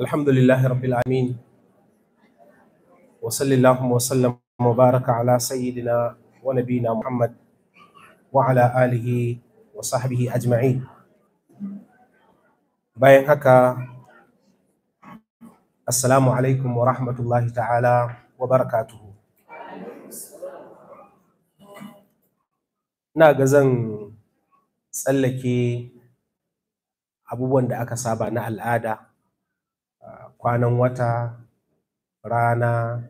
الحمد لله رب العالمين وصلى اللهم وسلم وبارك على سيدنا ونبينا محمد وعلى آله وصحبه أجمعين bayan haka assalamu alaikum wa rahmatullahi ta'ala wa barakatuhu ina ga zan tsallake abubuwan da aka saba na al'ada kwanan wata rana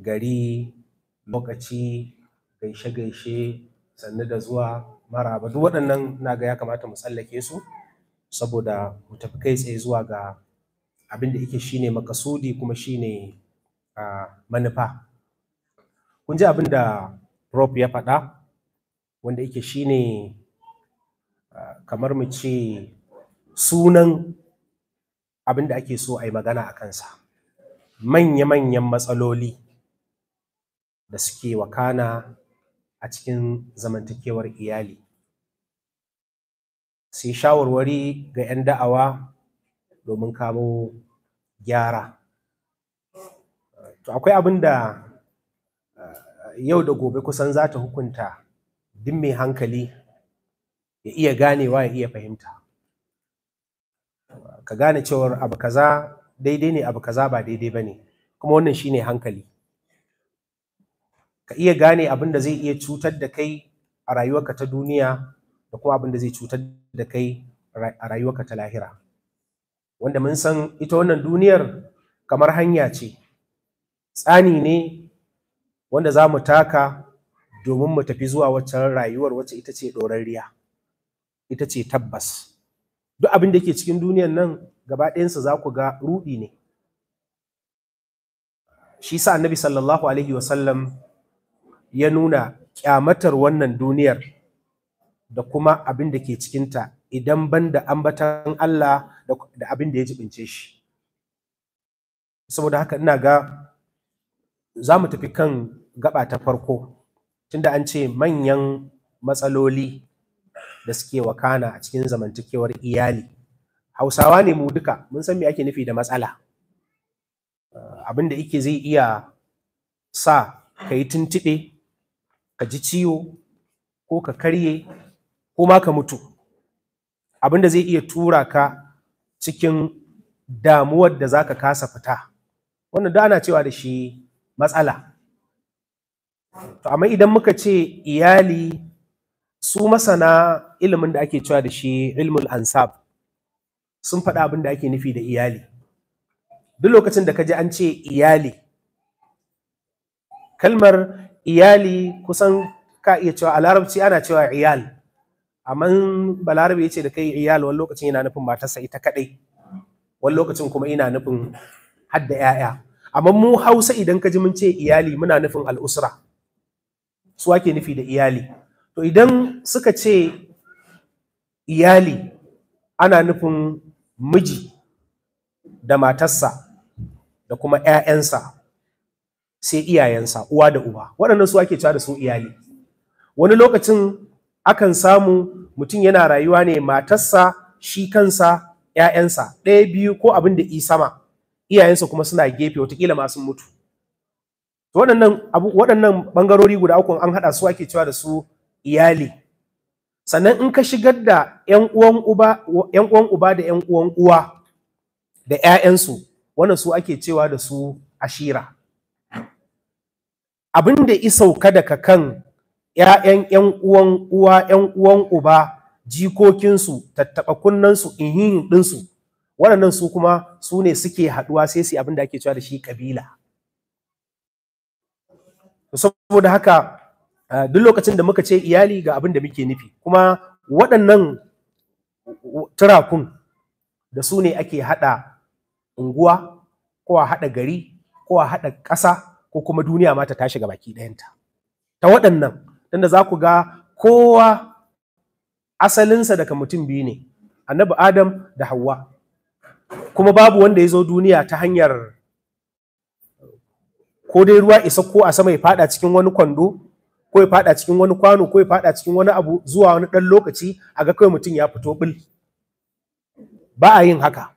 gari lokaci gaishe-gaishe sannu da zuwa maraba duk waɗannan na ga ya kamata mu tsallake su saboda mu tafi kai tsaye zuwa ga abin da yake shine makasudi kuma shine uh, manufa kun ji abin da prof ya faɗa wanda yake shine uh, kamar mu ce sunan abin da ake so a yi magana a kansa manya-manyan matsaloli da suke wakana a cikin zamantakewar iyali sai shawarwari ga 'yan da'awa domin kamo gyara to akwai abin da eh, yau da gobe kusan za ta hukunta duk mai hankali ya iya ganewa ya iya fahimta ka gane cewar abu kaza daidai ne abu kaza ba daidai ba ne kuma wannan shi ne hankali ka iya gane abin da zai iya cutar da kai a rayuwarka ta duniya da kuma abin da zai cutar da kai a rayuwarka ta lahira wanda mun san ita wannan duniyar kamar hanya ce tsani ne wanda za mu taka domin mu tafi zuwa waccan rayuwar wacce ita ce ɗorarriya ita ce tabbas duk abin da ke cikin duniyan nan gaba ɗayansa za ku ga ruɗi ne shi sa annabi sallallahu alaihi wasallam ya nuna kyamatar wannan duniyar da kuma abin da ke cikinta idan ban da ambatan Allah da abin da ya jibince shi saboda haka ina ga za mu tafi kan gaba ta farko tunda an ce manyan matsaloli da suke wakana a cikin zamantakewar iyali hausawa ne mu duka mun san me ake nufi da matsala ah, abin da zai iya sa ka yi tuntuɓe ka ji ciwo ko ka karye ko ma ka mutu abin da zai iya tura ka cikin damuwar da za ka kasa fita wannan da ana cewa da shi matsala to amma idan muka ce iyali su masana ilimin da ake cewa da shi ilmul ansab sun faɗa abin da ake nufi da iyali duk lokacin da ka ji an ce iyali kalmar iyali kusan ka iya cewa a larabci ana cewa iyal amma balarabe ya ce da kai iyal wani lokacin yana nufin matarsa ita kaɗai wani lokacin kuma ina nufin hadda 'ya'ya amma mu hausa idan ka ji mun ce iyali muna nufin al'usra su ake nufi da iyali to idan suka ce iyali ana nufin miji da matarsa da kuma 'ya'yansa sai iyayensa uwa da uba waɗannan su ake cewa da su iyali wani lokacin akan samu mutum yana rayuwa ne matarsa shi kansa 'ya'yansa ɗaya biyu ko abin da i sama iyayensa kuma suna gefe watakila ma sun mutu waɗannan ɓangarori guda uku an haɗa su ake cewa da su iyali sannan in ka shigar da ‘yan uwan uba da ‘yan uwan uwa da ‘ya'yansu wannan su ake cewa da su ashira abin da sauka daga kan ‘ya'yan ‘yan uwan uwa ‘yan uwan uba jikokinsu tattaɓa kunnensu inhin ɗinsu waɗannan su kuma su ne suke haɗuwa sai su abin da ake cewa da shi ƙabila saboda haka Ah, duk lokacin da muka ce iyali ga abin da muke nufi kuma waɗannan turakun da su ne ake haɗa unguwa ko a haɗa gari ko a haɗa ƙasa ko kuma duniya ma ta tashi ga baki ɗayanta ta waɗannan tunda za ku ga kowa asalinsa daga mutum biyu ne annabi adam da hawa kuma babu wanda ya zo duniya ta hanyar ko dai ruwa isa ko a sama ya fada cikin wani kwando ko ya fada cikin wani kwano ko ya fada cikin wani abu zuwa wani dan lokaci a ga kai mutum ya fito bil ba a yin haka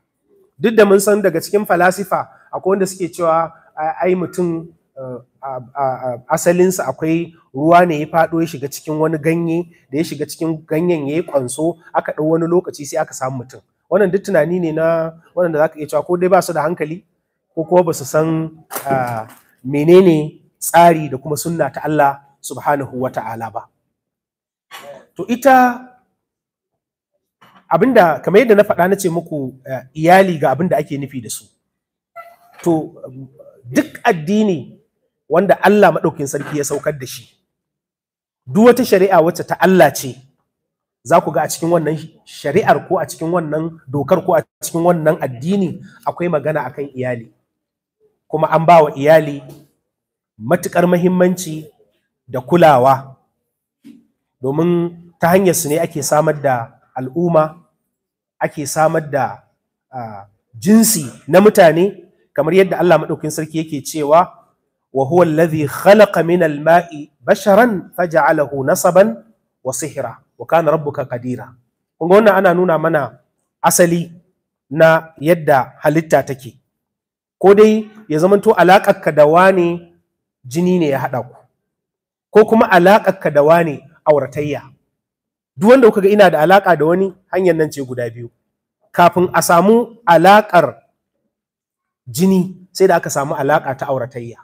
duk da mun san daga cikin falasifa akwai wanda suke cewa ai mutum asalinsa akwai ruwa ne ya fado ya shiga cikin wani ganye da ya shiga cikin ganyen ya yi kwanso aka ɗau wani lokaci sai aka samu mutum wannan duk tunani ne na wannan da za ka iya cewa ko dai ba su da hankali ko kuma ba su san menene tsari da kuma sunna ta Allah subhanahu wa ta'ala ba to ita abinda kamar yadda na faɗa na ce muku eh, iyali ga abinda ake nufi da su to duk addini wanda Allah maɗaukin sarki ya saukar da shi duk wata shari'a wacce ta Allah ce za ku ga a cikin wannan shari'ar ko a cikin wannan dokar ko a cikin wannan addini akwai magana akan iyali kuma an ba wa iyali matuƙar muhimmanci. da kulawa domin ta hanyar su ne ake samar da al'umma ake samar da jinsi na mutane kamar yadda Allah maɗaukin sarki yake cewa wa huwa alladhi khalaqa min al-ma'i basharan faja'alahu nasaban wa sihra wa kana rabbuka qadira kun wannan ana nuna mana asali na yadda halitta take ko dai ya zamanto alaƙarka da wane jini ne ya haɗa ku ko kuma ka da wane auratayya duk wanda kuka ga ina da alaƙa da wani hanyar nan ce guda biyu kafin a samu alaƙar jini sai da aka samu alaƙa ta auratayya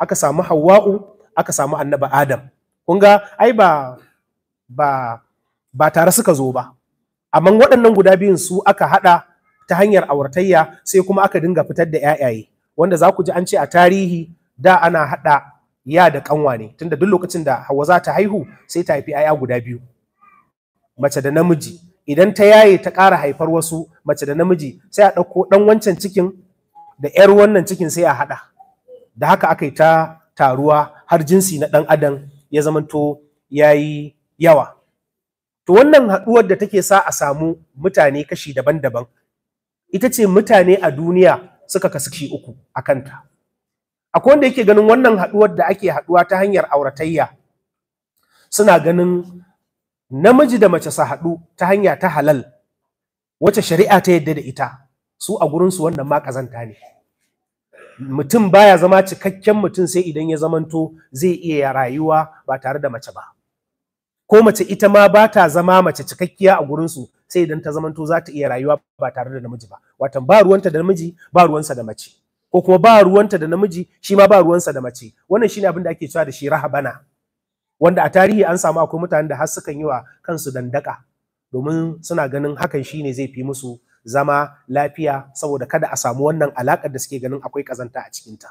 aka samu hawa'u aka samu annaba adam kun ga ai ba ba ba tare suka zo ba amma waɗannan guda biyun su aka haɗa ta hanyar auratayya sai kuma aka dinga fitar da 'ya'yaye wanda za ku ji an ce a tarihi da ana haɗa ya da kanwa ne tunda duk lokacin da hawa za ta haihu sai ta haifi aya guda biyu mace da namiji idan ta yaye ta ƙara haifar wasu mace da namiji sai a ɗauko ɗan wancan cikin da 'yar wannan cikin sai a haɗa da haka aka yi ta taruwa har jinsi na ɗan adam ya zamanto ya yi yawa to wannan haɗuwar da take sa a samu mutane kashi daban-daban ita ce mutane a duniya suka kasu uku a kanta akwai wanda yake ganin wannan haɗuwar da ake haɗuwa ta hanyar auratayya suna ganin namiji da mace su haɗu ta hanya ta halal wacce shari'a ta yadda da ita su a gurinsu wannan ma ƙazanta ne mutum baya zama cikakken mutum sai idan ya zamanto zai iya rayuwa ba tare da mace ba ko mace ita ma ba ta zama mace cikakkiya a gurinsu sai idan ta zamanto za ta iya rayuwa ba tare da namiji ba watan ba ruwanta da namiji ba ruwansa da mace ko kuma ba ruwanta da namiji shi ma ba ruwansa da mace wannan shine abin da ake cewa da shi rahabana wanda a tarihi an samu akwai mutane da har sukan yi wa kansu dandaka domin suna ganin hakan shine zai fi musu zama lafiya saboda kada a samu wannan alakar da suke ganin akwai kazanta a cikinta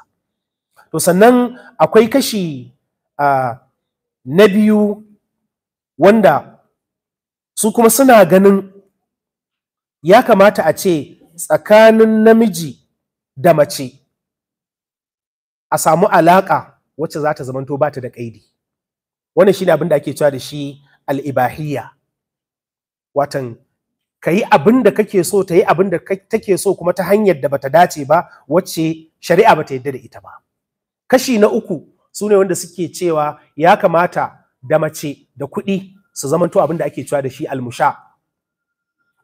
to sannan akwai kashi na biyu wanda su kuma suna ganin ya kamata a ce tsakanin namiji da mace a samu alaƙa wacce za ta zamanto ba ta da ƙaidi wannan shine abin da ake cewa da shi al'ibahiyya watan ka yi abin da kake so ta yi abin da take so kuma ta hanyar da bata dace ba wacce shari'a bata yadda da ita ba kashi na uku su ne wanda suke cewa ya kamata da mace da kuɗi su zamanto abin da ake cewa da shi almusha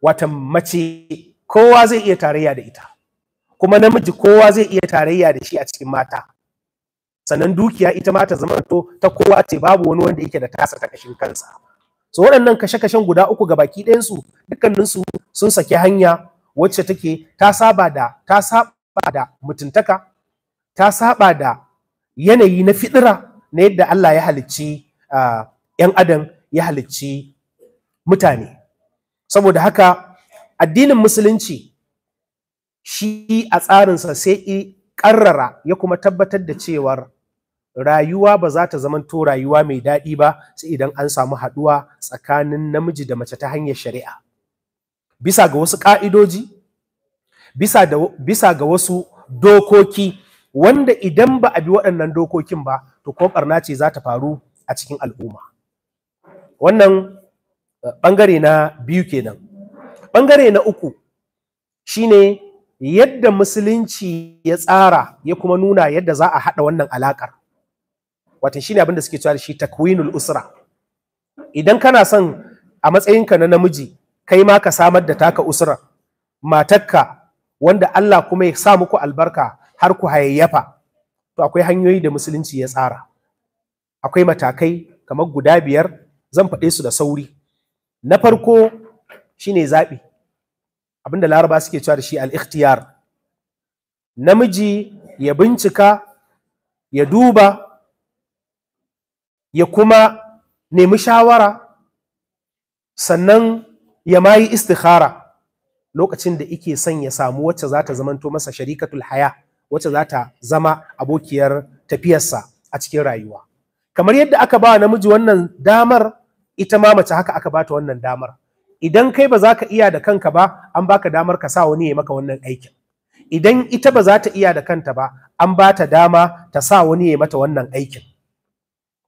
watan mace kowa zai iya tarayya da ita kuma namiji kowa zai iya tarayya da shi a cikin mata sannan dukiya ita ma ta zama to ta kowa ce babu wani wanda yake da tasa ta kashin kansa so waɗannan kashe-kashen guda uku ga baki ɗayansu dukkaninsu sun saki hanya wacce take ta saba da ta saba da mutuntaka ta saba da yanayi na fidira na yadda Allah ya halicci ‘yan adam ya halicci mutane saboda haka addinin musulunci shi a tsarinsa sai i ƙarrara ya kuma tabbatar da cewar rayuwa ba za ta zamanto rayuwa mai daɗi ba sai idan an samu haɗuwa tsakanin namiji da mace ta hanyar shari'a bisa ga wasu ƙa'idoji bisa, ga wasu dokoki wanda idan ba a bi waɗannan dokokin ba to ko ɓarna ce za ta faru a cikin al'umma wannan eh, ɓangare na biyu kenan ɓangare na uku shine yadda musulunci ya tsara ya kuma nuna yadda za a haɗa wannan alaƙar wata shine abin da suke cewa shi takwinul usra idan kana son a matsayinka na namiji kai ma ka samar da taka usra matakka wanda Allah kuma ya sa muku albarka har ku hayayyafa to akwai hanyoyi da musulunci ya tsara akwai matakai kamar guda biyar zan faɗe su da sauri na farko shine zaɓi abinda laraba suke cewa da shi al-ikhtiyar namiji ya bincika ya duba ya kuma nemi shawara sannan ya mayi istikhara lokacin da ike son ya samu wacce za ta zamanto masa sharikatul haya wacce za ta zama abokiyar tafiyarsa a cikin rayuwa kamar yadda aka ba namiji wannan damar ita ma mace haka aka bata wannan damar idan kai ba za ka iya da kanka ba an baka damar ka sa wani ya maka wannan aikin idan ita ba za ta iya da kanta ba an ba ta dama ta sa wani ya mata wannan aikin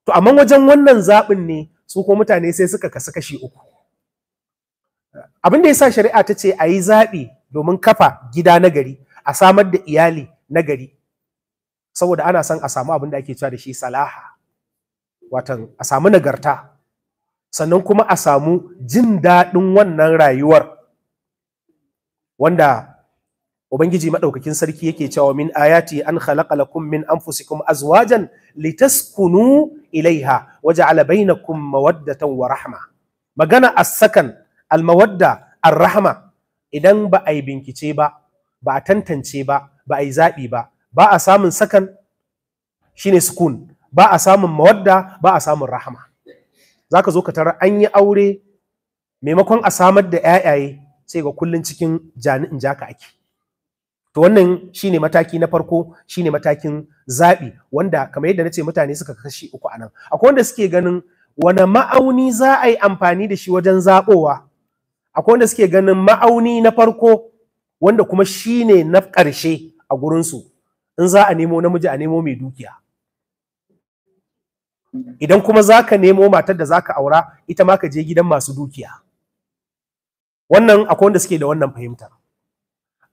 to amma wajen wannan zaɓin ne su ko mutane sai suka kasu kashi uku abin da ya sa shari'a ta ce a yi zaɓi domin kafa gida nagari, a samar da iyali na gari saboda ana son a samu abin da ake cewa da shi salaha watan a samu nagarta sannan kuma a samu jin daɗin wannan rayuwar wanda ubangiji maɗaukakin sarki yake cewa min ayati an khalaqa lakum min anfusikum azwajan litaskunu ilaiha waja'ala bainakum mawaddatan wa rahma magana as-sakan al-mawadda ar-rahma idan ba a yi bincike ba ba a tantance ba ba a yi zaɓi ba ba a samun sakan shine sukun ba a samun mawadda ba a samun rahama zaka zo ka tara an yi aure maimakon a samar da yayaye sai ga kullun cikin jani jaka ake to wannan shine mataki na farko shine matakin zabi wanda kamar yadda nace mutane suka kashi uku anan akwai wanda suke ganin wani ma'auni za a yi amfani da shi wajen zaɓowa akwai wanda suke ganin ma'auni na farko wanda kuma shine na ƙarshe a gurinsu in za a nemo namiji a nemo mai dukiya idan kuma zaka nemo matar da za ka aura ita ma ka je gidan masu dukiya wannan akwai wanda suke da wannan fahimta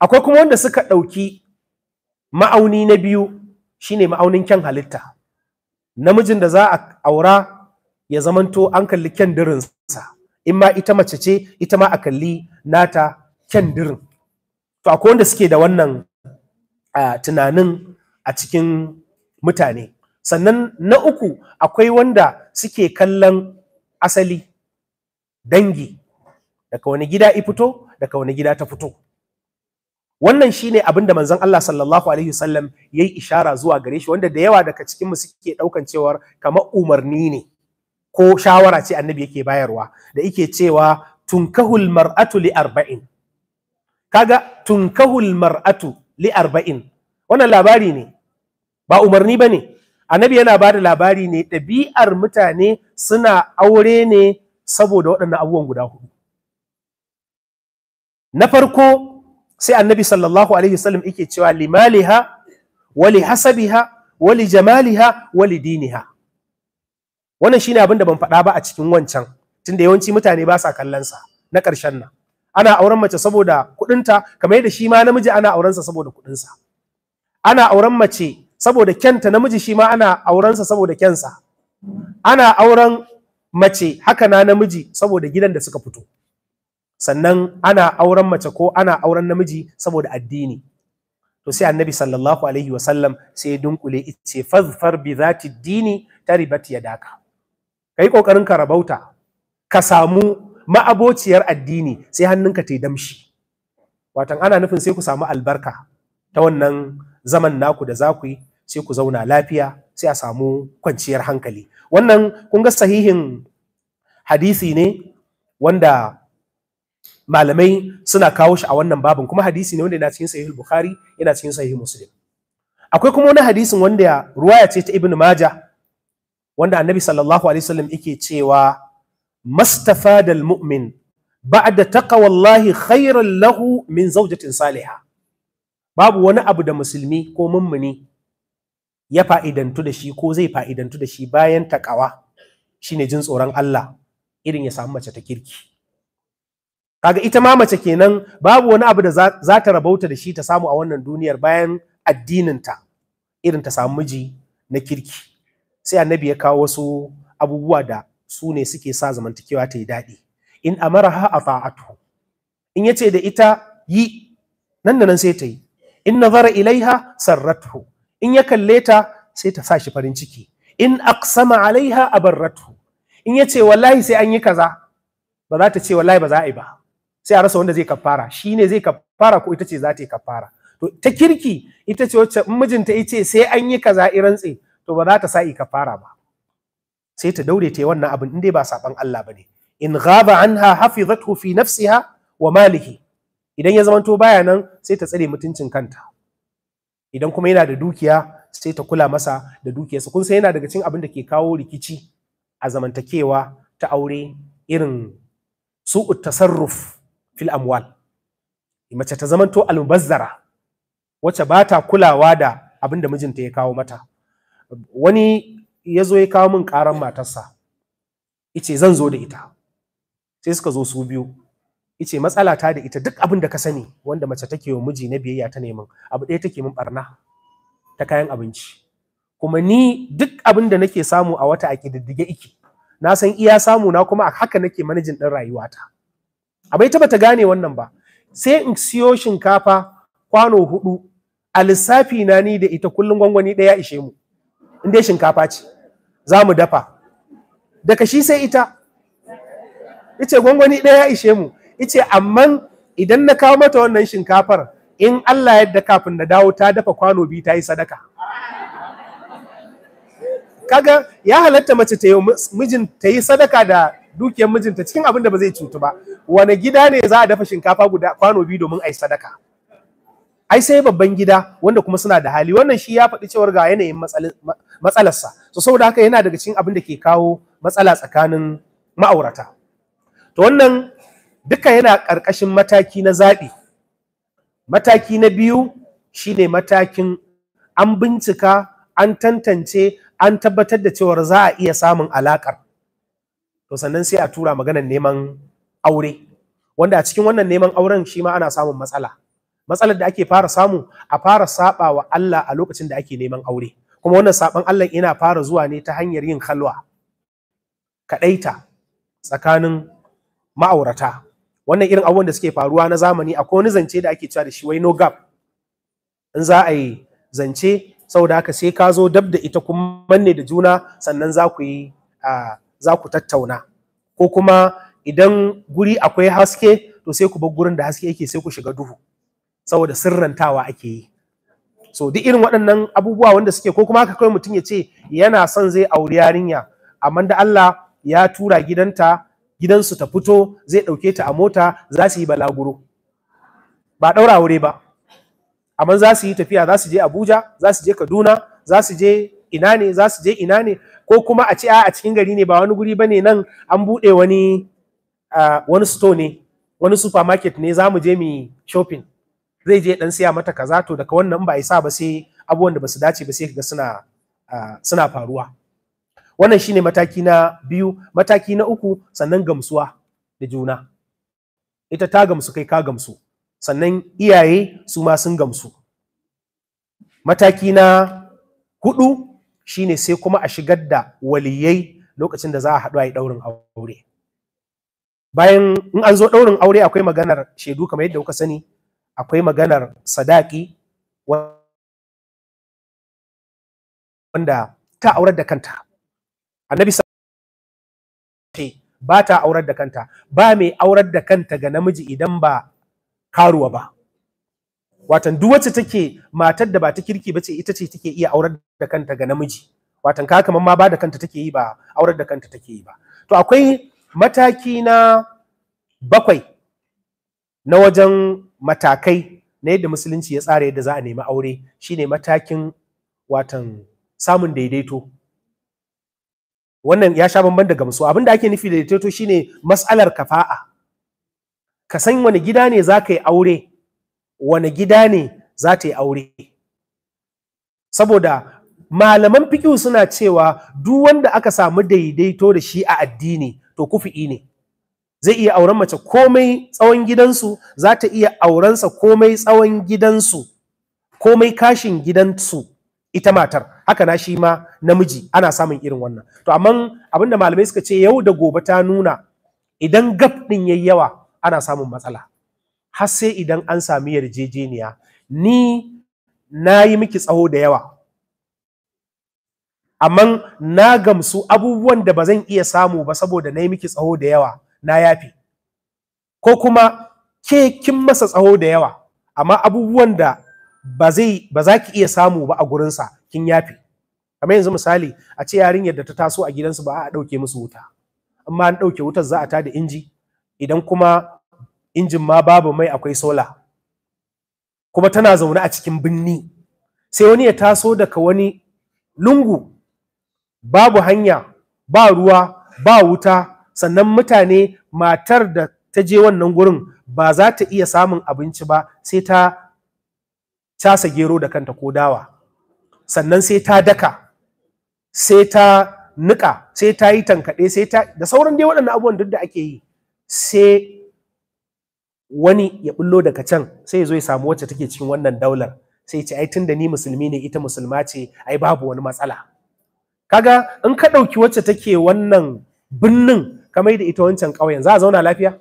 akwai kuma wanda suka ɗauki ma'auni na biyu shine ma'aunin kyan halitta namijin da za a aura ya zamanto an kalli kyan dirinsa in ma ita mace ce ita ma a kalli nata kyan dirin to akwai wanda suke da wannan ah, tunanin a cikin mutane sannan na uku akwai wanda suke kallon asali dangi daga wani gida i fito daga wani gida ta fito wannan shine abin da manzon Allah sallallahu alaihi wasallam yayi ishara zuwa gare shi wanda da yawa daga cikin mu suke daukan cewar kamar umarni ne ko shawara ce annabi yake bayarwa da yake cewa tunkahul mar'atu li arba'in kaga tunkahul mar'atu li arba'in wannan labari ne ba umarni bane Anabi yana ba da labari ne ɗabi'ar mutane suna aure ne saboda waɗannan abubuwan guda hudu na farko sai annabi sallallahu alaihi wasallam yake cewa limaliha wali hasabiha wali jamaliha wali diniha wannan shine abin da ban faɗa ba a cikin wancan tunda yawanci mutane ba sa kallon sa na ƙarshen nan ana auren mace saboda kuɗinta kamar yadda shi ma namiji ana auren sa saboda kuɗinsa ana auren mace saboda kyanta namiji shi ma ana aurensa saboda kyansa ana auren mace haka na namiji saboda gidan da suka fito sannan ana auren mace ko ana auren namiji saboda addini to sai annabi sallallahu alaihi wa sallam sai ya dunkule ice fazfar bi zati dini taribat yadaka kai kokarin ka rabauta ka samu ma'abociyar addini sai hannunka ta damshi watan ana nufin sai ku samu albarka ta wannan zaman naku da za ku yi sai ku zauna lafiya sai a samu kwanciyar hankali wannan kun ga sahihin hadisi ne wanda malamai suna kawo shi a wannan babin kuma hadisi ne wanda yana cikin sahihul bukhari yana cikin sahihul muslim akwai kuma wani hadisin wanda ruwaya ce ta ibn majah wanda annabi sallallahu alaihi wasallam yake cewa mastafada almu'min ba'da wallahi, khairan lahu min zawjatin salihah babu wani abu da musulmi ko mummuni ya fa'idantu da shi ko zai fa'idantu da shi bayan taƙawa shine jin tsoron Allah irin ya samu mace ta kirki kaga ita ma mace kenan babu wani abu da za ta rabauta da shi ta samu a wannan duniyar bayan addininta irin ta samu miji na kirki sai annabi ya kawo wasu abubuwa da su ne suke sa zamantakewa ta yi daɗi in amaraha a fa'atu in yace da ita yi nan da nan sai ta yi in nazara ilaiha sarratu in ya kalle ta sai ta sa shi farin ciki in aqsama alaiha abarratu in ya ce wallahi sai an yi kaza ba za ta ce wallahi ba za a yi ba sai a rasa wanda zai kafara shi ne zai kafara ko ita ce za ta yi kafara to ta kirki ita ce wacce mijinta ya ce sai an yi kaza tse to ba za ta sa yi kafara ba sai ta daure ta yi wannan abin in dai ba saban Allah ba ne in ghaba anha hafizathu fi nafsiha wa malihi idan ya zamanto baya nan sai ta tsare mutuncin kanta idan kuma yana da dukiya sai ta kula masa da dukiyarsa kun san yana daga cikin abin da ke kawo rikici a zamantakewa ta aure irin su'ut tasarruf fil amwal mace ta zamanto almubazzara wacce ba ta kulawa da abin da mijinta ya kawo mata wani ya zo ya kawo min karan matarsa ice zan zo da ita sai suka zo su biyu ce matsala ta da ita duk abin da ka sani wanda mace take wa miji na biyayya ta neman abu ɗaya take min barna ta kayan abinci kuma ni duk abin da nake samu a wata a kididdige iki na san iya samu na kuma a haka nake manajin ɗin rayuwata abai ta bata gane wannan ba sai in siyo shinkafa kwano hudu a lissafi na ni da ita kullum gwangwani ɗaya ishe mu in dai shinkafa ce za mu dafa daga shi sai ita ice gwangwani ɗaya ishe mu ice amma idan na kawo mata wannan shinkafar in Allah yadda kafin na dawo ta dafa kwano biyu ta yi sadaka kaga ya halatta mace ta yi mijin ta yi sadaka da dukiyar mijinta cikin abin da ba zai cutu ba wani gida ne za a dafa shinkafa guda kwano biyu domin a sadaka ai sai babban gida wanda kuma suna da hali wannan shi ya faɗi cewar ga yanayin matsalarsa to saboda haka yana daga cikin abin da ke kawo matsala tsakanin ma'aurata to wannan duka yana ƙarƙashin mataki na zaɓi mataki na biyu shine matakin an bincika an tantance an tabbatar da cewar za a iya samun alaƙar to sannan sai a tura maganar neman aure wanda a cikin wannan neman auren shi ma ana samun matsala matsalar da ake fara samu a fara saɓa wa Allah a lokacin da ake neman aure kuma wannan saɓan Allah yana fara zuwa ne ta hanyar yin halwa kadaita tsakanin ma'aurata wannan irin abubuwan da suke faruwa na zamani akwai wani zance da ake cewa da shi wai no gap in za a yi zance saboda haka sai ka zo dab da ita kun manne da juna sannan za ku yi za ku tattauna ko kuma idan guri akwai haske to sai ku bar gurin da haske yake sai ku shiga duhu saboda sirrantawa ake yi so duk irin waɗannan abubuwa wanda suke ko kuma haka kawai mutum ya ce yana son zai auri yarinya amma da Allah ya tura gidanta gidansu ta fito zai ɗauke ta a mota za su yi balaguro ba ɗaura aure ba amma za su yi tafiya za su je abuja za su je kaduna za su je ina ne za su je ina ne ko kuma a ce a cikin gari ne ba wani guri ba ne nan an buɗe wani wani store ne wani supermarket ne za mu je mu shopping zai je ɗan siya mata kaza to daga wannan ba sa ba sai abubuwan da ba su dace ba sai kaga suna suna faruwa wannan shine mataki na biyu mataki na uku sannan gamsuwa da juna ita ta gamsu kai ka gamsu sannan iyaye su ma sun gamsu mataki na hudu shine sai kuma a shigar da waliyai lokacin da za a haɗu a yi ɗaurin aure bayan in an zo ɗaurin aure akwai maganar shaidu kamar yadda kuka sani akwai maganar sadaki wanda ta aurar da kanta annabi ce ba ta aurar da kanta ba mai aurar da kanta ga namiji idan ba karuwa ba watan duk wacce take matar da ba ta kirki bace ita ce take iya aurar da kanta ga namiji watan ka kaman ma ba da kanta take yi ba aurar da kanta take yi ba to akwai mataki na bakwai na wajen matakai na yadda musulunci ya tsara yadda za a nemi aure shine matakin watan samun daidaito wannan ya sha bamban da gamsuwa abinda ake nufi da daidaito shine matsalar kafa'a ka san wani gida ne za ka yi aure wani gida ne za ta yi aure saboda malaman fikihu suna cewa duk wanda aka samu daidaito da shi a addini to kufi'i ne zai iya auren mace komai tsawon gidansu za ta iya aurensa komai tsawon gidansu komai kashin gidansu ita matar haka na shi ma namiji ana samun irin wannan to amma abinda malamai suka ce yau da gobe ta nuna idan gab din yayi yawa ana samun matsala har sai idan an sami yarjejeniya ni na yi miki tsaho da yawa amma na gamsu abubuwan da ba zan iya samu ba saboda na yi miki tsaho da yawa na yafi ko kuma ke kin masa tsaho da yawa amma abubuwan da ba za ki iya samu ba a gurinsa kin yafe kamar yanzu misali a ce yarinyar da ta taso a gidansu ba a ɗauke musu wuta amma an ɗauke wutar za a tada inji idan kuma injin ma babu mai akwai sola kuma tana zaune a cikin binni sai wani ya taso daga wani lungu babu hanya ba ruwa ba wuta sannan mutane matar da ta je wannan gurin ba za ta iya samun abinci ba sai ta casa gero da kanta ko dawa sannan sai ta daka sai ta niƙa sai ta yi tankaɗe sai ta da sauran dai waɗannan abubuwan duk da ake yi sai wani ya bullo daga can sai ya zo ya samu wacce take cikin wannan daular sai ya ce ai tunda ni musulmi ne ita musulma ce ai babu wani matsala kaga in ka ɗauki wacce take wannan binnin kamar da ita wancan ƙauyen za a zauna lafiya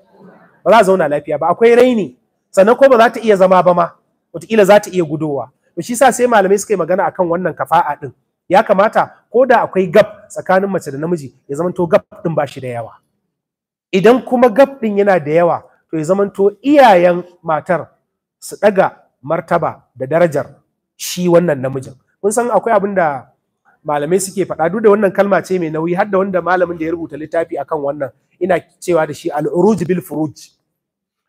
ba za a zauna lafiya ba akwai raini sannan ko ba za ta iya zama ba ma wataƙila za ta iya gudowa to shi sa sai malamai suka yi magana akan wannan kafa'a din ya kamata ko da akwai gab tsakanin mace da namiji ya zamanto gab din ba shi da yawa idan kuma gab din yana da yawa to ya zamanto iyayen matar su daga martaba da darajar shi wannan namijin kun san akwai abin da malamai suke faɗa duk da wannan kalma ce mai nauyi har da wanda malamin da ya rubuta littafi akan wannan ina cewa da shi al-uruj bil furuj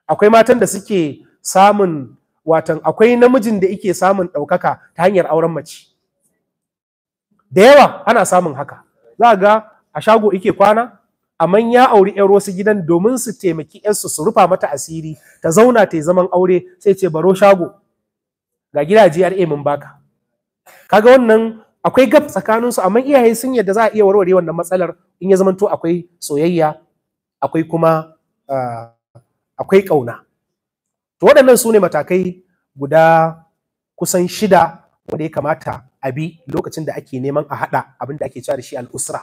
akwai matan da suke samun watan akwai namijin da ike samun ɗaukaka ta hanyar auren mace da yawa ana samun haka za ga a shago ike kwana amma ya auri yan wasu gidan domin su taimaki yansu su rufa mata asiri ta zauna ta yi zaman aure sai ce baro shago ga gidaje RA mun baka kaga wannan akwai gab tsakanin su amma iyaye sun yadda za a iya warware wannan matsalar in ya zamanto akwai soyayya akwai kuma ah, akwai kauna to waɗannan su ne matakai guda kusan shida wanda ya kamata a bi lokacin da ake neman a haɗa abin da ake cewa da shi al'usra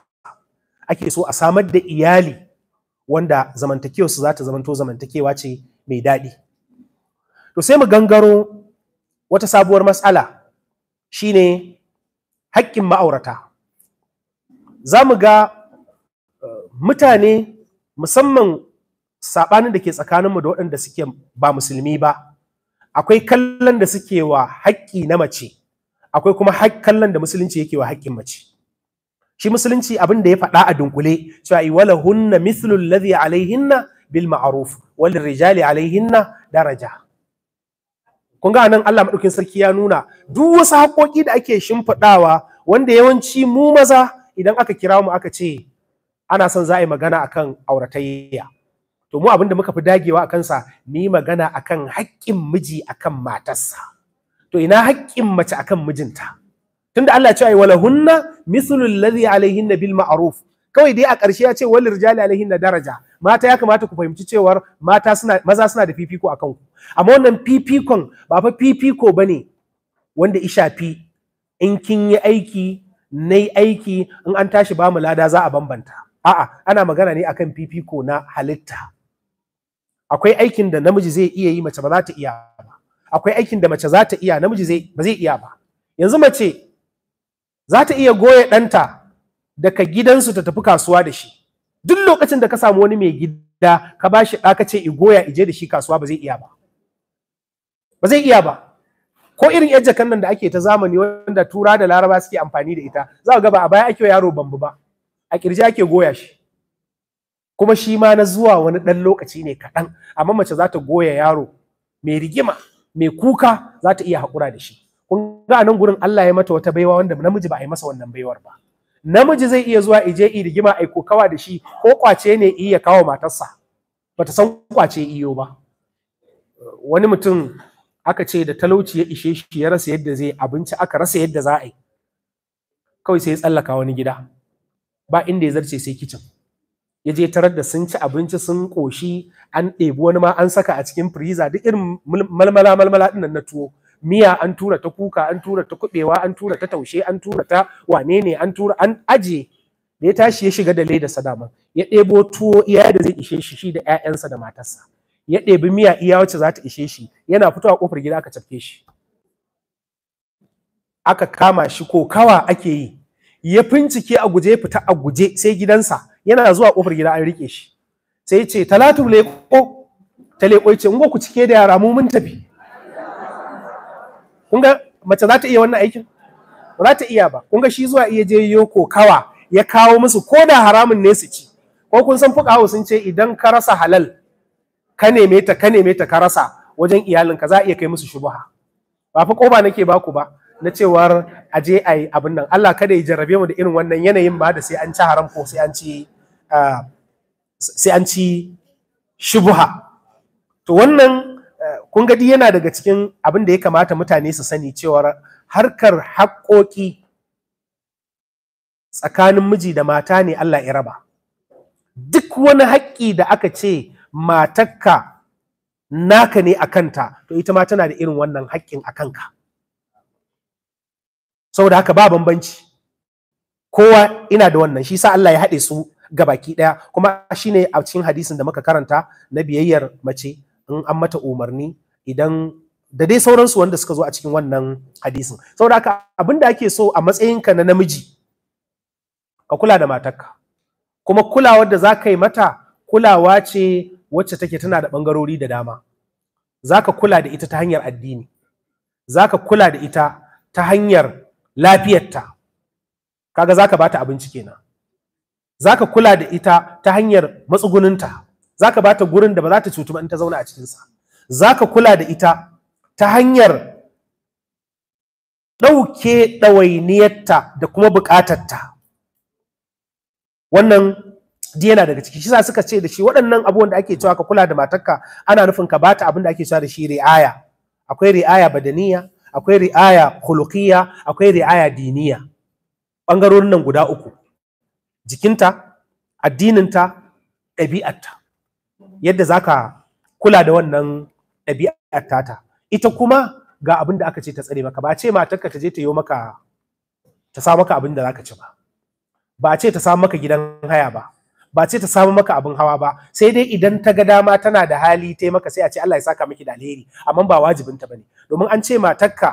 ake so a samar da iyali wanda zamantakewarsu za ta zamanto zamantakewa ce mai daɗi to sai mu gangaro wata sabuwar matsala shine haƙƙin ma'aurata za mu ga eh, mutane musamman saɓanin da ke tsakaninmu da waɗanda suke ba musulmi ba akwai kallon da suke wa haƙƙi na mace akwai kuma kallon da musulunci yake wa haƙƙin mace shi musulunci abin da ya faɗa a dunkule cewa wala hunna mithlul ladhi alaihinna bil ma'ruf wal rijali alaihinna daraja kun ga nan Allah madaukin sarki ya nuna duk wasu haƙoƙi da ake shimfiɗawa wanda yawanci mu maza idan aka kira mu aka ce ana son za a yi magana akan auratayya to mu abin da muka fi dagewa a kansa mu yi magana akan haƙƙin miji akan matarsa to ina haƙƙin mace akan mijinta tunda Allah ya ce ai walahunna mislu alladhi alaihinna bil ma'ruf kawai dai a ƙarshe ya ce wal rijali alaihinna daraja mata ya kamata ku fahimci cewar mata suna maza suna da fifiko akan ku amma wannan fifikon ba fa fifiko bane wanda i shafi in kin yi aiki na aiki in an tashi ba mu lada za a bambanta a'a ana magana ne akan fifiko na halitta akwai aikin da namiji zai iya yi mace ba za ta iya ba akwai aikin da mace za ta iya namiji ba zai iya ba yanzu mace za ta iya goye ɗanta daga gidansu ta tafi kasuwa da shi duk lokacin da ka samu wani mai gida ka ba shi ɗaka ce igoya ije da shi kasuwa ba zai iya ba ba zai iya ba ko irin yan jakan nan da ake ta zamani wanda tura da laraba suke amfani da ita za ga ba a baya ake yaro bambu ba a kirji ake goya shi kuma shi ma na zuwa wani ɗan lokaci ne kaɗan amma mace za ta goya yaro mai rigima mai kuka za ta iya haƙura da shi kun ga a nan gurin Allah ya mata wata baiwa wanda namiji ba a yi masa wannan baiwar ba namiji zai iya zuwa ije i rigima ai kokawa da shi ko kwace ne iya kawo matarsa bata san kwace iyo ba wani mutum aka ce da talauci ya ishe shi ya rasa yadda zai abinci aka rasa yadda za a yi kawai sai ya tsallaka wani gida ba inda ya zarce sai kicin ya je tarar da sun ci abinci sun koshi an ɗebi wani ma an saka a cikin firiza duk irin malmala malmala ɗin na tuwo miya an tura ta kuka an tura ta kuɓewa an tura ta taushe an tura ta wane ne an tura an aje da ya tashi ya shiga da leda sadama ya ɗebo tuwo iya da zai ishe shi shi da 'ya'yansa da matarsa ya ɗebi miya iya wacce za ta ishe shi yana fitowa kofar gida aka cafke shi aka kama shi kokawa ake yi ya fincike a guje fita a guje sai gidansa yana zuwa kofar gida an rike shi sai ya ce talatu leko ta leko ya ce in ku cike da yara mu mun tafi kun ga mace za ta iya wannan aikin ba za ta iya ba kun ga shi zuwa iya je yo kokawa ya kawo musu ko da haramun ne su ci ko kun san fuqahu sun ce idan ka rasa halal ka neme ta ka neme ta ka rasa wajen iyalinka za a iya kai musu shubuha ba fa koba nake baku ba na cewar aje a yi abin nan Allah kada ya jarrabe mu da irin wannan yanayin ba da sai an ci haram ko sai an ci sai an ci shubuha to wannan kun gadi yana daga cikin abin da ya kamata mutane su sani cewar harkar haƙoƙi tsakanin miji da mata ne Allah ya raba duk wani haƙƙi da aka ce matakka naka ne a kanta to ita ma tana da irin wannan haƙƙin a kanka saboda haka ba bambanci kowa ina da wannan shi sa Allah ya haɗe su Ga baki daya kuma shine a cikin hadisin da muka karanta na biyayyar mace in an mata umarni idan da dai sauransu wanda suka zo a cikin wannan hadisin saboda haka abin da ake so a matsayinka na namiji ka kula da matarka kuma kulawar da za ka yi mata kulawa ce wacce take tana da ɓangarori da dama za ka kula da ita ta hanyar addini za ka kula da ita ta hanyar lafiyarta kaga za ka bata abinci kenan zaka kula da ita ta hanyar matsuguninta zaka bata gurin da ba za ta cutu ba in ta zauna a cikinsa zaka kula da ita ta hanyar ɗauke ɗawainiyarta da kuma bukatarta wannan duk yana daga ciki shisa suka ce da shi waɗannan abubuwan da ake cewa ka kula da matarka ana nufin ka bata abin da ake cewa da shi ri'aya akwai ri'aya badaniya akwai ri'aya khuluqiyya akwai ri'aya diniya bangarorin nan guda uku jikinta addininta ɗabi'arta yadda za ka kula da wannan ɗabi'ar tata ita kuma ga abin da aka ce ta tsare maka ba a ce matarka ta je ta yi maka ta sa maka abin da za ka ci ba ba a ce ta samu maka gidan haya ba ba ce ta samu maka abin hawa ba sai dai idan ta ga dama tana da hali ta maka sai a ce Allah ya saka miki da alheri amma ba wajibin ta bane domin an ce matarka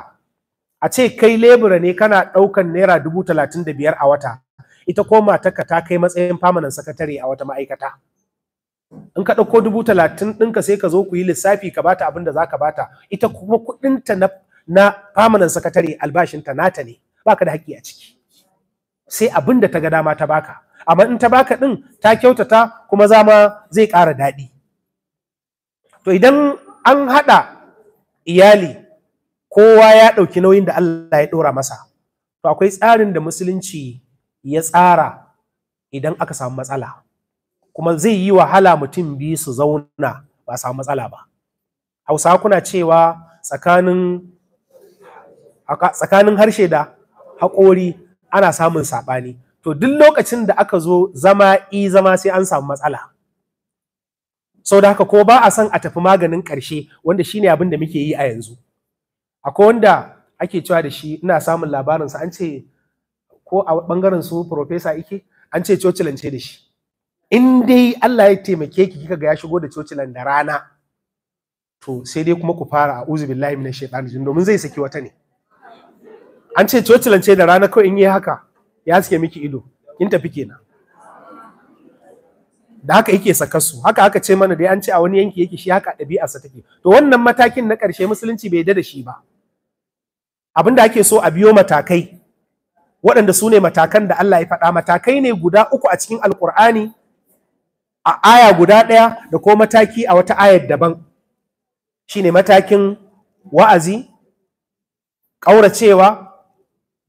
a ce kai lebura ne kana ɗaukan naira dubu talatin da biyar a wata ita ko matarka ta kai matsayin famanan sakatare a wata ma'aikata in ka ɗauko dubu talatin ɗinka sai ka zo ku yi lissafi ka bata abin da za bata ita kuma ta na na secretary sakatare albashinta nata ne baka da haƙƙi a ciki sai abin da ta ga dama ta baka amma in ta baka ɗin ta kyautata kuma zama zai ƙara daɗi to idan an haɗa iyali kowa ya ɗauki nauyin da Allah ya ɗora masa to akwai tsarin da musulunci ya tsara idan aka samu matsala kuma zai yi wahala mutum biyu su zauna ba samu matsala ba Hausa, kuna cewa tsakanin harshe da haƙori ana samun saɓani to duk lokacin da aka zo zama i zama sai an samu matsala sau da haka ko ba a san a tafi maganin ƙarshe wanda shine abin da muke yi a yanzu akwai wanda ake cewa da shi ina samun labarinsa an ce ko a bangaren su professor ike an ce cocilan ce da shi in dai Allah ya taimake ki kika ga ya shigo da cocilan da rana to sai dai kuma ku fara a uzu billahi minash jin domin zai saki wata ne an ce cocilan ce da rana ko in yi haka ya suke miki ido in tafi kenan da haka yake saka su haka aka ce mana dai an ce a wani yanki yake shi haka ɗabi'arsa take to wannan matakin na ƙarshe musulunci bai da shi ba abin da ake so a biyo matakai waɗanda su ne matakan da Allah ya faɗa matakai ne guda uku a cikin alkur'ani a aya guda ɗaya da ko mataki a wata ayar daban Shi ne matakin wa'azi ƙauracewa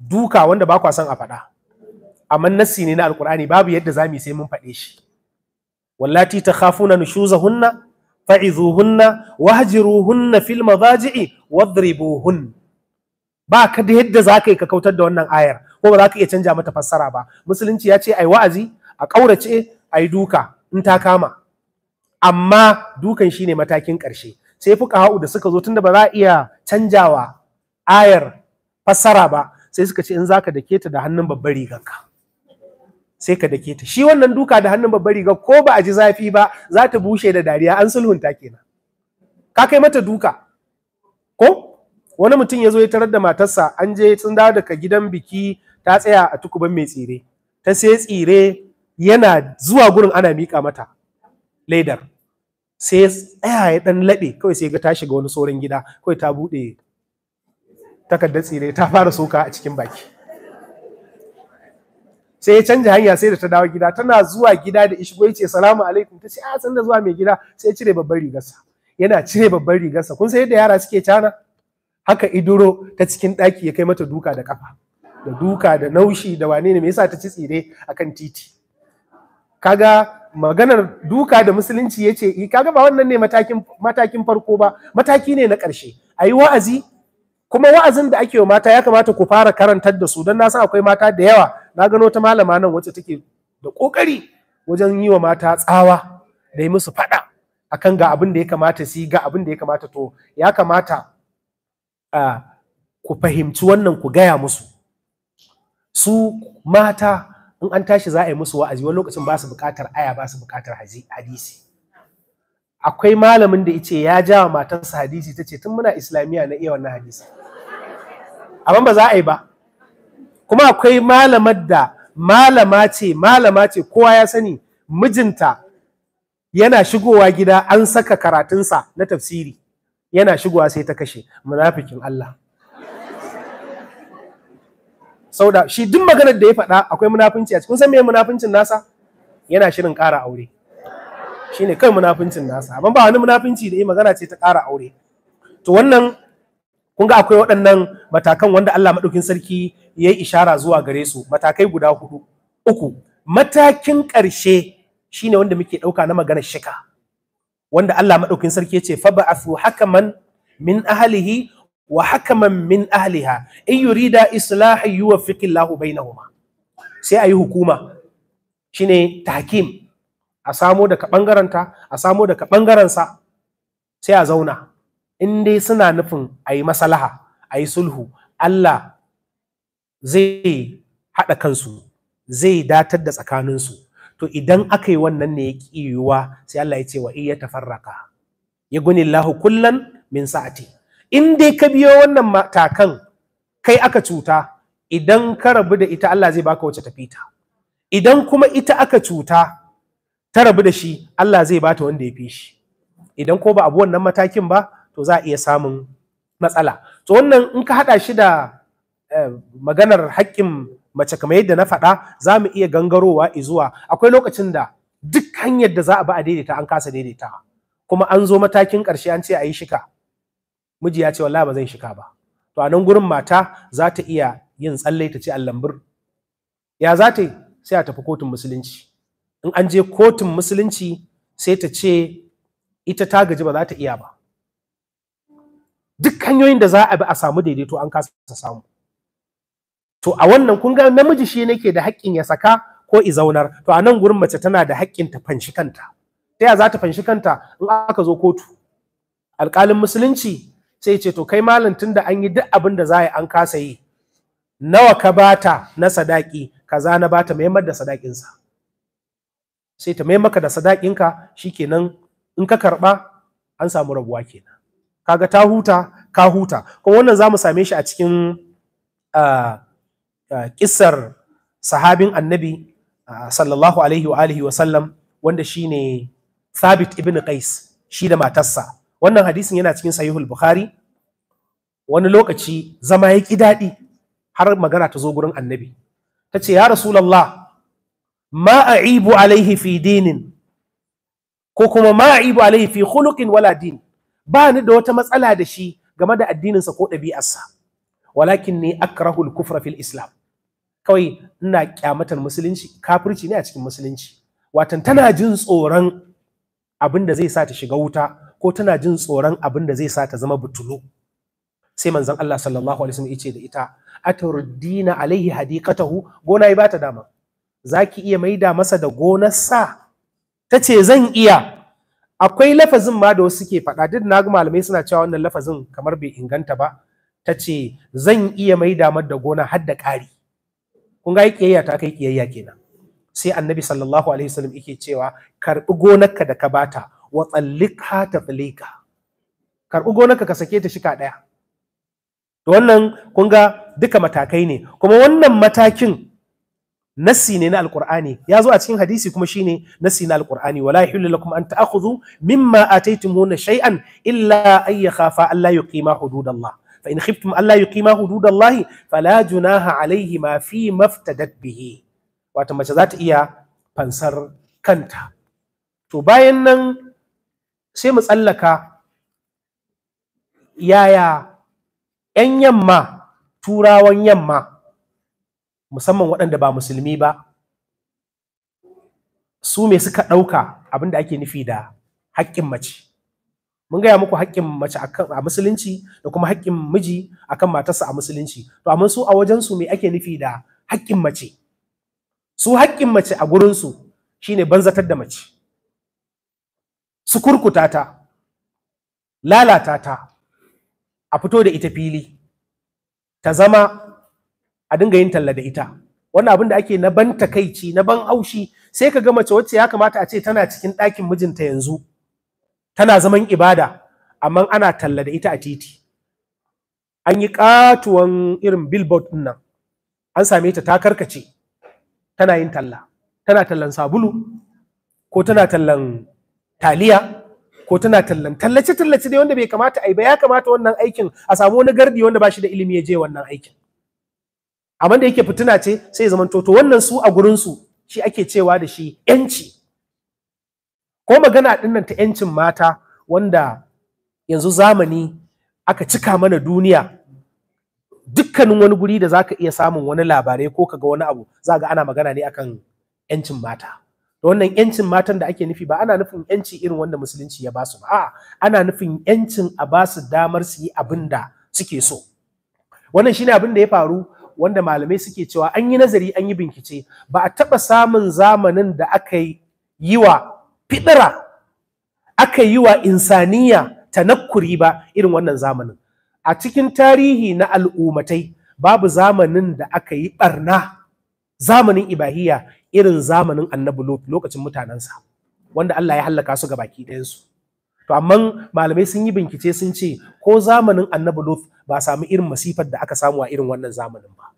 duka wanda ba kwa son a faɗa amma nassi ne na alkur'ani babu yadda za mu sai mun faɗe shi wallati ta takhafuna nushuzahunna fa'izuhunna wahjiruhunna fil madaji'i wadribuhun. ba ka da yadda za ka yi ka kautar da wannan ayar ko ba za ka iya canja mata fassara ba musulunci ya ce ai wa'azi a ƙaurace ai duka in ta kama amma dukan shine matakin ƙarshe sai fuqaha'u da suka zo tunda ba za a iya canjawa ayar fassara ba sai suka ce in zaka dake ta da hannun babbar riganka sai ka dake ta shi wannan duka da hannun babbar rigar, ko ba a ji zafi ba za ta bushe da dariya an sulhunta kenan ka kai mata duka ko wani mutum ya zo ya tarar da matarsa an je sun dawo daga gidan biki ta tsaya a tukuban mai tsire ta sai tsire yana zuwa gurin ana miƙa mata ledar sai tsaya ya dan laɓe kawai sai ga ta shiga wani sauran gida kawai ta buɗe takardar tsire ta fara soka a cikin baki sai ya canja hanya sai da ta dawo gida tana zuwa gida da ishigo ya ce salamu alaikum ta ce a ah, san da zuwa mai gida sai cire babban rigarsa yana cire babban rigarsa kun sai yadda yara suke cana haka iduro ta cikin ɗaki ya kai mata duka da kafa da duka da naushi da wane ne me yasa ta ci tsire akan titi kaga maganar duka da musulunci ya ce eh, kaga ba wannan ne matakin farko ba mataki ne na ƙarshe a yi wa'azi kuma wa'azin da ake wa mata ya kamata ku fara karantar da su don na san akwai mata da yawa na gano ta malama nan wacce take da ƙoƙari wajen yi wa mata tsawa da yi musu faɗa akan ga abin da ya kamata su ga abin da ya kamata to ya kamata ah, ku fahimci wannan ku gaya musu su mata in an tashi za a yi musu wa'azi wani lokacin ba su buƙatar aya ba su buƙatar hadisi akwai malamin da ice ya ja wa matarsa hadisi ta ce tun muna islamiyya na iya wannan hadisi amma ba za a yi ba kuma akwai malamar da malama ce malama ce kowa ya sani mijinta yana shigowa gida an saka karatunsa na tafsiri yana shigowa sai ta kashe munafikin Allah sauda shi duk maganar da ya faɗa akwai munafunci a cikin san me munafuncin nasa yana shirin ƙara aure shine kai munafuncin nasa amma ba wani munafunci da yi magana ce ta ƙara aure to wannan kun ga akwai waɗannan matakan wanda Allah madaukin sarki ya yi ishara zuwa gare su matakai guda hudu uku matakin ƙarshe shine wanda muke ɗauka na maganar shika wanda Allah maɗaukin sarki ya ce fa ba'athu hakaman min ahlihi wa hakaman min ahliha in yurida islahi yuwaffiqu Allahu bainahuma sai ayi hukuma shine tahkim a samo daga bangaranta a samo daga bangaransa sai a zauna in dai suna nufin ayi maslaha ayi sulhu Allah zai haɗa kansu zai datar da tsakaninsu to idan aka yi wannan ne ya ƙi sai Allah ya ce wa iya tafarraka ya guni Allahu kullan min sa'ati in dai ka biyo wannan matakan kai aka cuta idan ka rabu da ita Allah zai baka wacce tafita idan kuma ita aka cuta ta rabu da shi Allah zai bata wanda ya fi shi idan ko ba abu wannan matakin ba to za a iya samun matsala to wannan in ka hada shi da eh, maganar haƙƙin mace kamar yadda na faɗa za mu iya gangarowa izuwa akwai lokacin da duk hanyar da za a ba a daidaita an kasa daidaita kuma an zo matakin ƙarshe an ce a yi shika miji ya ce wallahi ba zan shika ba to a nan gurin mata za ta iya yin tsalle ta ce allambur ya za ta yi sai a tafi kotun musulunci in an je kotun musulunci sai ta ce ita ta gaji ba za ta iya ba duk hanyoyin da za a bi a samu daidaito an kasa samu to a wannan kun ga namiji shi nake da haƙƙin ya saka ko izaunar to a nan gurin mace tana da haƙƙin ta fanshi kanta ta ya za ta fanshi kanta in aka zo kotu alƙalin musulunci sai ce to kai malam tunda an yi duk abin da za a yi an kasa yi nawa ka bata na sadaki kaza na bata maimar da sadakinsa sai ta maimaka da sadakinka shi shikenan in ka karba an samu rabuwa kenan kaga ta huta ka huta kuma wannan za mu same shi a cikin kissar sahabin annabi sallallahu alaihi wa alihi wa sallam wanda shine Thabit ibn Qais shi da matarsa wannan hadisin yana cikin sahihul bukhari wani lokaci zama ya ki daɗi har magana ta zo gurin annabi ta ce ya rasulallah ma a'ibu alaihi fi dinin ko kuma ma ibu alaihi fi khuluqin wala din ba ni da wata matsala da shi game da addininsa ko ɗabi'arsa walakin ne akrahul kufra fil islam kawai ina kyamatar musulunci kafirci ne a cikin musulunci watan tana jin tsoron abin da zai sa ta shiga wuta ko tana jin tsoron abin da zai sa ta zama butulu sai manzon Allah sallallahu alaihi wasallam yace da ita aturdina alaihi hadiqatahu gona ya bata dama zaki iya maida masa da gonar sa tace zan iya akwai lafazin ma da wasu ke faɗa duk na ga malamai suna cewa wannan lafazin kamar bai inganta ba tace zan iya maida mar da gona har da ƙari kun ga kiyayya ta kai kiyayya kenan sai annabi sallallahu alaihi wasallam yake cewa karbi gonarka da ka bata wa tsallikha taflika karɓi gonarka ka sake ta shika ɗaya to wannan kun ga duka matakai ne kuma wannan matakin nassi ne na alqur'ani ya zo a cikin hadisi kuma shine nassi na alqur'ani wala yahillu lakum an ta'khudhu mimma ataytumuna shay'an illa ay yakhafa alla yuqima hududallah fa in khiftum alla yuqima hududallah fala junaha alayhi ma fi maftadat bihi wato mace za ta iya fansar kanta to bayan nan sai mu tsallaka yaya 'yan yamma turawan yamma musamman waɗanda ba musulmi ba su me suka ɗauka abinda ake nufi da haƙƙin mace mun gaya muku haƙƙin mace a musulunci da kuma haƙƙin miji akan matarsa a musulunci to amma su a wajen su me ake nufi da haƙƙin mace su haƙƙin mace a gurinsu shine banzatar da mace su kurkuta ta lalata ta a fito da ita fili ta zama a dinga yin talla da ita wannan abin da ake na ban takaici na ban aushi sai ka ga mace wacce ya kamata a ce tana cikin ɗakin mijinta yanzu tana zaman ibada amma ana talla da ita a titi an yi katuwan irin billboard ɗin nan an same ta ta karkace tana yin talla tana tallan sabulu ko tana tallan taliya ko tana tallan tallace tallace dai wanda bai kamata ai ba ya kamata wannan aikin a samu wani gardi wanda ba shi da ilimi ya je wannan aikin amma da yake fituna ce sai zaman to to wannan su a gurin su shi ake cewa da shi yanci ko magana dinnan ta yancin mata wanda yanzu zamani aka cika mana duniya dukkanin wani guri da zaka iya samun wani labarai ko kaga wani abu za ana magana ne akan yancin mata da wannan yancin matan da ake nufi ba ana nufin yanci irin wanda musulunci ya basu ba a'a ana nufin yancin a basu damar su yi abin da suke so wannan shine abin da ya faru wanda malamai suke cewa an yi nazari an yi bincike ba a taɓa samun zamanin da aka yi wa fidira aka yi wa insaniya tanakkuri ba irin wannan zamanin a cikin tarihi na al'ummatai babu zamanin da aka yi barna zamanin ibahiya. irin zamanin annabi lot lokacin mutanensa wanda Allah ya hallaka su baki ɗayansu to amma malamai sun yi bincike sun ce ko zamanin annabi lot ba samu irin masifar da aka samu a irin wannan zamanin ba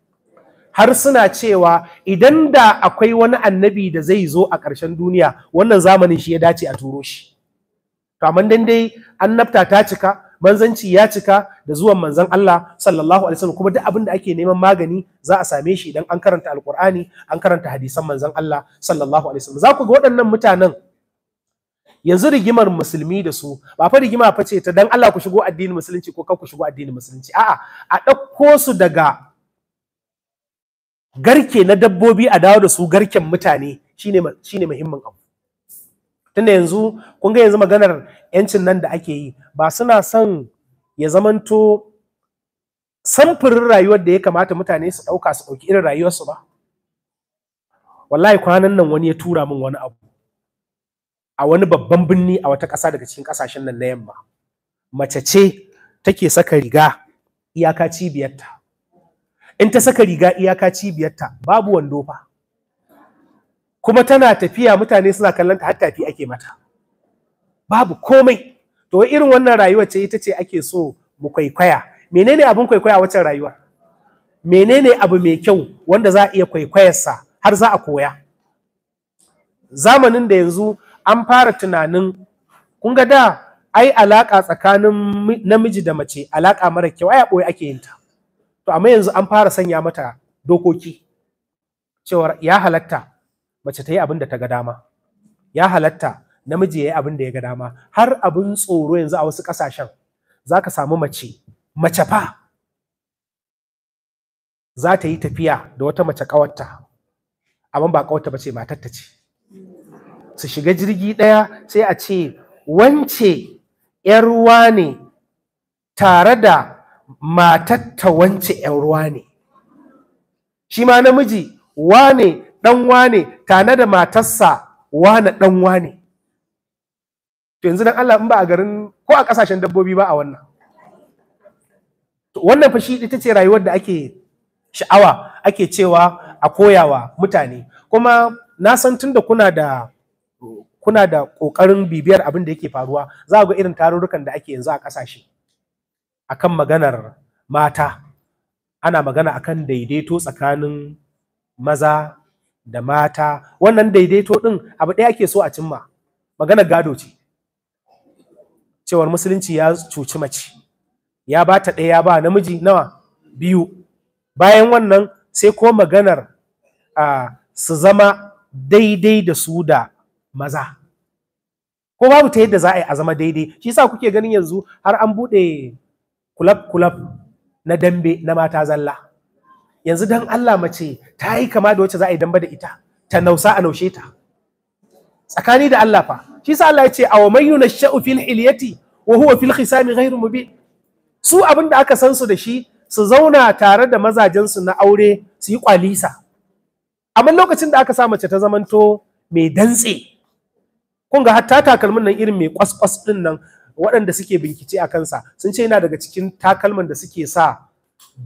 har suna cewa idan da akwai wani annabi da zai zo a ƙarshen duniya wannan zamanin shi ya dace a turo shi to amma dan dai annabta ta cika manzanci ya cika da zuwan manzon Allah sallallahu alaihi wasallam kuma duk abin da ake neman magani za a same shi idan an karanta alqur'ani an karanta hadisan manzon Allah sallallahu alaihi wasallam za ku ga waɗannan mutanen yanzu rigimar musulmi da su ba fa rigima fa ce ta dan Allah ku shigo addinin musulunci ko kar ku shigo addinin musulunci a'a a ɗauko su daga garke na dabbobi a dawo da su garken mutane shine shine muhimmin abu tunda yanzu kun ga yanzu maganar yancin nan da ake yi ba suna son ya zamanto samfurin rayuwar da ya kamata mutane su ɗauka su ɗauki irin rayuwarsu ba wallahi kwanan nan wani ya tura min wani abu a wani babban birni a wata ƙasa daga cikin ƙasashen nan na yamma mace ce take saka riga iyaka cibiyarta in ta saka riga iyaka cibiyarta babu wando fa kuma tana tafiya mutane suna kallon ta har tafi ake mata babu komai to irin wannan rayuwar ce ita ce ake so mu kwaikwaya menene abin kwaikwaya wacce rayuwa menene abu mai kyau wanda za a iya kwaikwayarsa har za a koya zamanin da yanzu an fara tunanin kun ga da ai alaka tsakanin namiji da mace alaka mara kyau ai a ake yin ta to amma yanzu an fara sanya mata dokoki cewa ya halatta mace ta yi abin da ta ga dama ya halatta namiji ya yi abin da ya ga dama har abin tsoro yanzu a wasu ƙasashen za ka samu mace mace fa za ta yi tafiya da wata mace ƙawarta abin ba ƙawarta ba ce matarta ce su shiga jirgi ɗaya sai a ce wance 'yan ruwa ne tare da matatta wance 'yan ruwa ne shi ma namiji wane ɗan wane tare da matarsa wane ɗan wane to yanzu nan Allah in ba a garin ko a kasashen dabbobi ba a wannan wannan fa shi ita ce rayuwar da ake sha'awa ake cewa a koyawa mutane kuma na san tunda kuna da kuna da kokarin bibiyar abin da yake faruwa za ga irin tarurrukan da ake yanzu a kasashe akan maganar mata ana magana akan daidaito tsakanin maza da mata wannan daidaito din abu ɗaya ake so a cimma maganar gado ce cewar musulunci ya cuci mace ya ba ta ɗaya ba namiji nawa biyu bayan wannan sai ko maganar su zama daidai da su da maza ko babu ta yadda za a yi a zama daidai shi sa kuke ganin yanzu har an buɗe kulab-kulab na dambe na mata zalla yanzu dan Allah mace ta yi kama da wacce za a yi damba da ita ta nausa a naushe ta tsakani da Allah fa shi sa Allah ya ce aw man yunashsha'u fil hilyati wa huwa fil khisami ghairu mubin su abin da aka san su da shi su zauna tare da mazajen su na aure su yi kwalisa amma lokacin da aka sa mace ta zamanto mai dantse kun ga hatta takalmin nan irin mai kwaskwas din nan waɗanda suke bincike a kansa sun ce yana daga cikin takalman da suke sa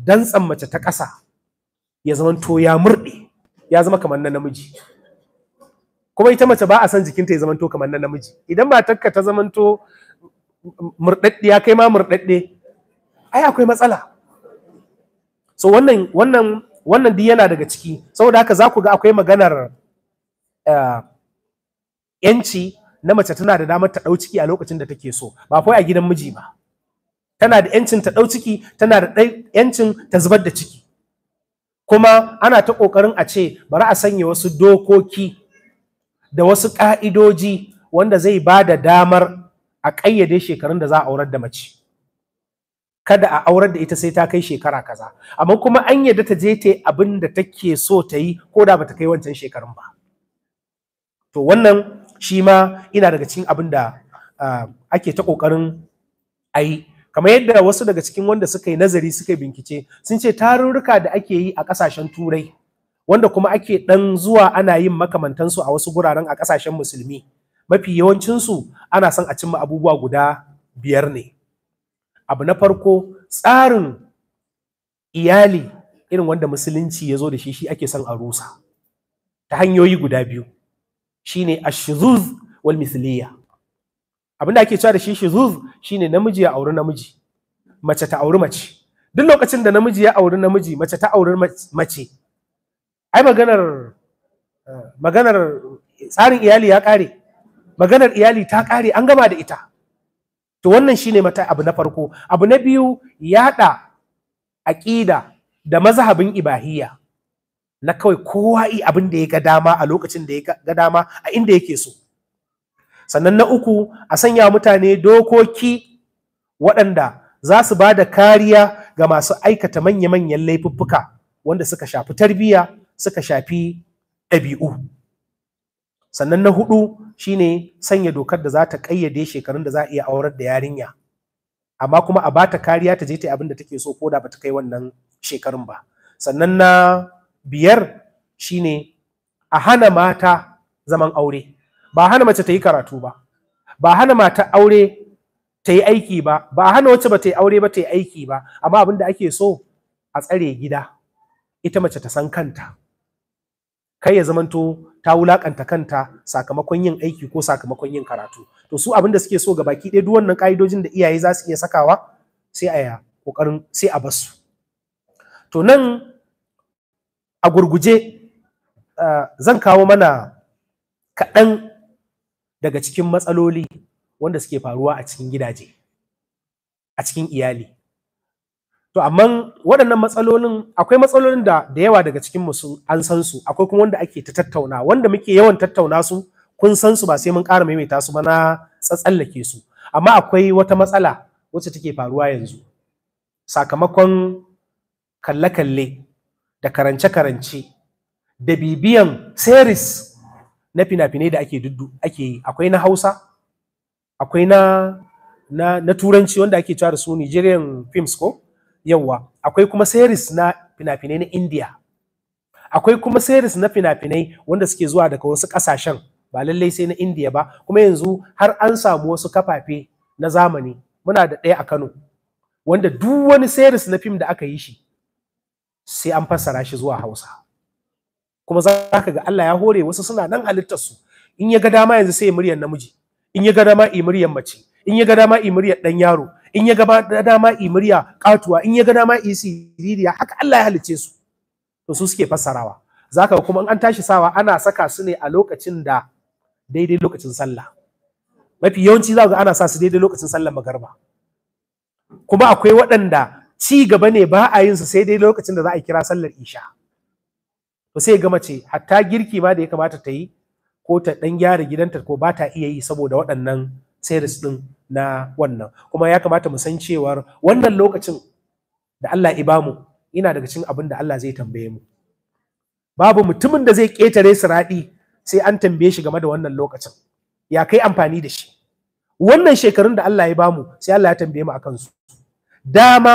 dantsan mace ta ƙasa ya zamanto ya murɗe ya zama kamar na namiji kuma ita mace ba a son jikinta ya zamanto kamar na namiji idan ba takka ta zamanto ya kai ma murɗaɗɗe ai akwai matsala so wannan wannan wannan duk yana daga ciki saboda haka za ku ga akwai maganar eh, yanci na mace tana da damar ta ɗau ciki a lokacin da take so ba kawai a gidan miji ba tana da yancin ta ɗau ciki tana da yancin ta zubar da ciki kuma ana ta ƙoƙarin a ce bari a sanya wasu dokoki da wasu ƙa'idoji wanda zai ba da damar a ƙayyade shekarun da za a aurar da mace kada a aurar da ita sai ta kai shekara kaza amma kuma an yarda ta je ta yi abin da take so ta yi ko da bata kai wancan shekarun ba to wannan shi ma ina daga cikin abin da ah, ake ta ƙoƙarin a yi kamar yadda wasu daga cikin wanda suka yi nazari suka yi bincike sun ce tarurruka da ake yi a ƙasashen turai wanda kuma ake ɗan zuwa ana yin makamantansu a wasu guraren a ƙasashen musulmi mafi yawancinsu ana son a cimma abubuwa guda biyar ne abu na farko tsarin iyali irin wanda musulunci ya zo da shi shi ake son a rusa ta hanyoyi guda biyu shine shizuz wal misliya abinda ake cewa da shi shizuz shine namiji ya auri namiji mace ta auri mace duk lokacin da namiji ya auri namiji mace ta auri mace ai maganar eh, maganar tsarin iyali ya kare maganar iyali ta kare an gama da ita to wannan shine mata abu na farko abu na biyu yaɗa aƙida da mazhabin ibahiyya na kawai kowa yi abin da ya ga dama a lokacin da ya ga dama a inda yake so sannan na uku a sanya mutane dokoki waɗanda za su ba da kariya ga masu aikata manya-manyan laifuffuka wanda suka shafi tarbiyya suka shafi ɗabi'u sannan na hudu shine sanya dokar da za ta ƙayyade shekarun da za a iya aurar da yarinya amma kuma a bata kariya ta je ta abin da take so ko da bata kai wannan shekarun ba sannan na biyar shine a hana mata zaman aure ba hana mace ta yi karatu ba ba hana mata aure ta yi aiki ba ba hana wacce ba ta yi aure ba ta yi aiki ba amma abin da ake so a tsare gida ita mace ta san kanta kai ya zamanto ta wulakanta kanta sakamakon yin aiki ko sakamakon yin karatu to su abin da suke so ga baki ɗaya duk wannan ka'idojin da iyaye za su iya sakawa sai a kokarin sai a basu to nan a gurguje zan kawo mana kaɗan daga cikin matsaloli wanda suke faruwa a cikin gidaje a cikin iyali to amma waɗannan matsalolin akwai matsalolin da da yawa daga cikin mu an san su akwai kuma wanda ake ta tattauna wanda muke yawan tattauna su kun san su ba sai mun ƙara maimaita su ba na tsatsallake su amma akwai wata matsala wacce take faruwa yanzu sakamakon kalle-kalle da karance-karance da bibiyan series na fina-finai da ake duddu ake yi akwai na hausa akwai na na, turanci wanda ake cewa da su nigerian films ko yawa akwai kuma series na fina-finai na India akwai kuma series na fina-finai wanda suke zuwa daga wasu kasashen ba lallai sai na India ba kuma yanzu har an samu wasu kafafe na zamani muna da ɗaya a Kano wanda duk wani series na fim da aka yi shi sai an fassara shi zuwa Hausa kuma za ka ga Allah ya hore wasu suna nan halittarsu, in ya ga dama yanzu sai muryar namiji in ya ga dama i muryar mace in ya ga dama i muryar dan yaro in ya gaba dama i murya katuwa in ya ga dama i siririya haka Allah ya halice su to su suke fassarawa zaka kuma an tashi sawa ana saka su ne a lokacin da daidai lokacin sallah mafi yawanci za ga ana sa su daidai lokacin sallar magarba kuma akwai waɗanda ci gaba ne ba a yin su sai dai lokacin da za a kira sallar isha to sai ga mace hatta girki ma da ya kamata ta yi ko ta dan gyara gidanta ko ba ta iya yi saboda waɗannan sales din na wannan kuma ya kamata mu san cewar wannan lokacin da Allah ya bamu ina daga cikin abin da Allah zai tambaye mu babu mutumin da zai ƙetare siradi, sai an tambaye shi game da wannan lokacin ya kai amfani da shi wannan shekarun da Allah ya bamu sai Allah ya tambaye mu akan su dama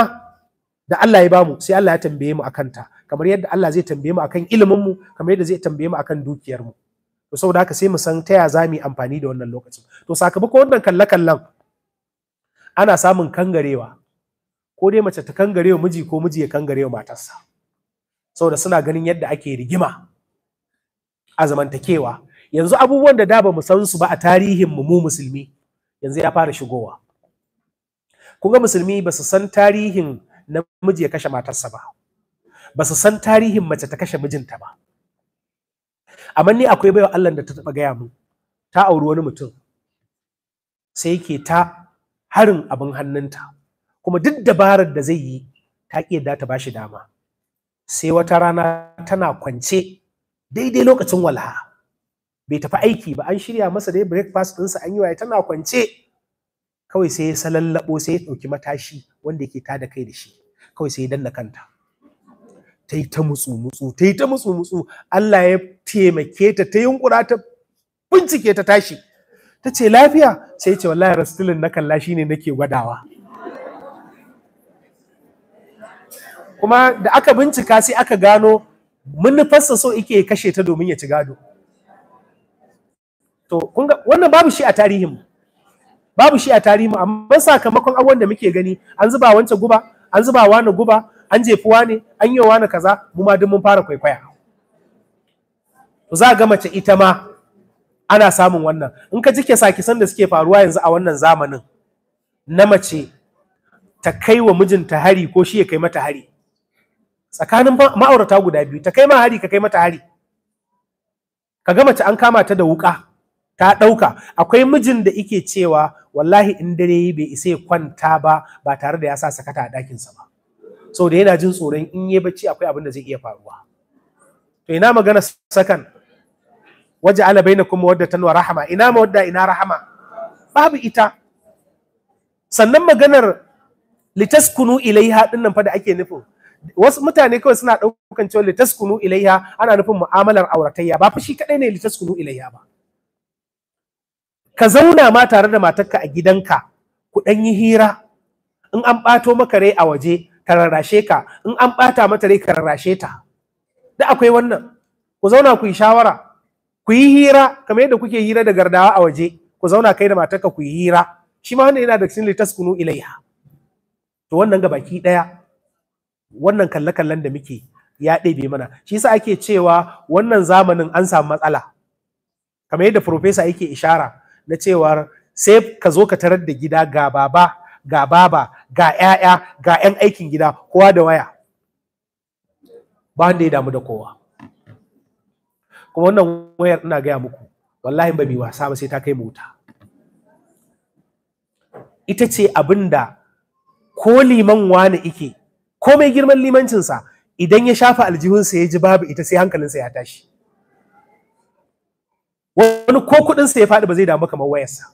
da Allah ya bamu sai Allah ya tambaye mu akan ta kamar yadda Allah zai tambaye mu akan ilimin mu kamar yadda zai tambaye mu akan dukiyar mu to saboda haka sai mu san ta ya zamu amfani da wannan lokacin to sakamakon wannan kalle kallan ana samun kangarewa ko dai mace ta kangarewa miji ko miji ya kangarewa matarsa saboda suna ganin yadda ake rigima a zamantakewa yanzu abubuwan da da ba mu san su ba a tarihin mu mu musulmi yanzu ya fara shigowa kun musulmi ba su san tarihin namiji ya kashe matarsa ba ba su san tarihin mace ta kashe mijinta ba amma ni akwai baiwa Allah da ta taba gaya mun ta auri wani mutum sai yake ta harin abin hannunta kuma duk dabarar da zai yi ta ki yadda ta bashi dama sai wata rana tana kwance daidai lokacin walha bai tafi aiki ba an shirya masa dai breakfast ɗinsa an yi waye tana kwance kawai sai ya salallabo sai ya ɗauki matashi wanda yake tada kai da shi kawai sai ya danna kanta ta yi ta mutsu mutsu ta ta mutsu mutsu Allah ya taimake ta ta yunkura ta bincike ta tashi ta ce lafiya sai ce wallahi rastilin na kalla shi ne nake gwadawa kuma da aka bincika sai aka gano manufarsa so ike kashe ta domin ya ci gado to wannan babu shi a tarihin babu shi a tarihin amma sakamakon abubuwan da muke gani an zuba wancan guba an zuba wani guba an jefuwa ne an yi wani kaza mu ma duk mun fara kwaikwaya to za ga mace ita ma ana samun wannan in ka saki san da suke faruwa yanzu a wannan zamanin na mace ta kai wa mijinta hari ko shi ya kai mata hari tsakanin ma'aurata guda biyu ta kai ma hari ka kai mata hari ka ga mace an kama ta da wuka ta ɗauka akwai mijin da ike cewa wallahi in dare bai isa ya kwanta ba ba tare da ya sa sakata a ɗakinsa ba da yana jin tsoron in yi bacci akwai abin da zai iya faruwa to ina magana sakan waje ala na kuma wadda tanwa rahama ina mawadda ina rahama babu ita sannan maganar litaskunu ilaiha dinnan fa da ake nufin wasu mutane kawai suna ɗaukan cewa litaskunu ilaiha ana nufin mu'amalar auratayya ba fashi kaɗai ne litaskunu ilaiha ba ka zauna ma tare da matarka a gidanka ku ɗan yi hira in an ɓato maka rai a waje kararrashe ka in an ɓata mata rai ka rarrashe ta da akwai wannan ku zauna ku yi shawara ku yi hira kamar yadda kuke hira da gardawa a waje ku zauna kai da matarka ku yi hira shi ma wannan yana da cikin litaskunu ilaiha to wannan ga baki daya wannan kalle-kallen da muke ya ɗebe mana shi yasa ake cewa wannan zamanin an samu matsala kamar yadda profesa yake ishara na cewar sai ka zo ka tarar da gida ga baba ga baba ga 'ya'ya ga 'yan aikin gida kowa da waya ba wanda ya damu da kowa kuma wannan wayar ina gaya muku wallahi ba mai wasa ba sai ta kai mota ita ce abin da ko liman wani ike ko mai girman limancinsa idan ya shafa aljihunsa ya ji babu ita sai hankalinsa ya tashi wani ko kuɗinsa ya faɗi ba zai damu kamar wayarsa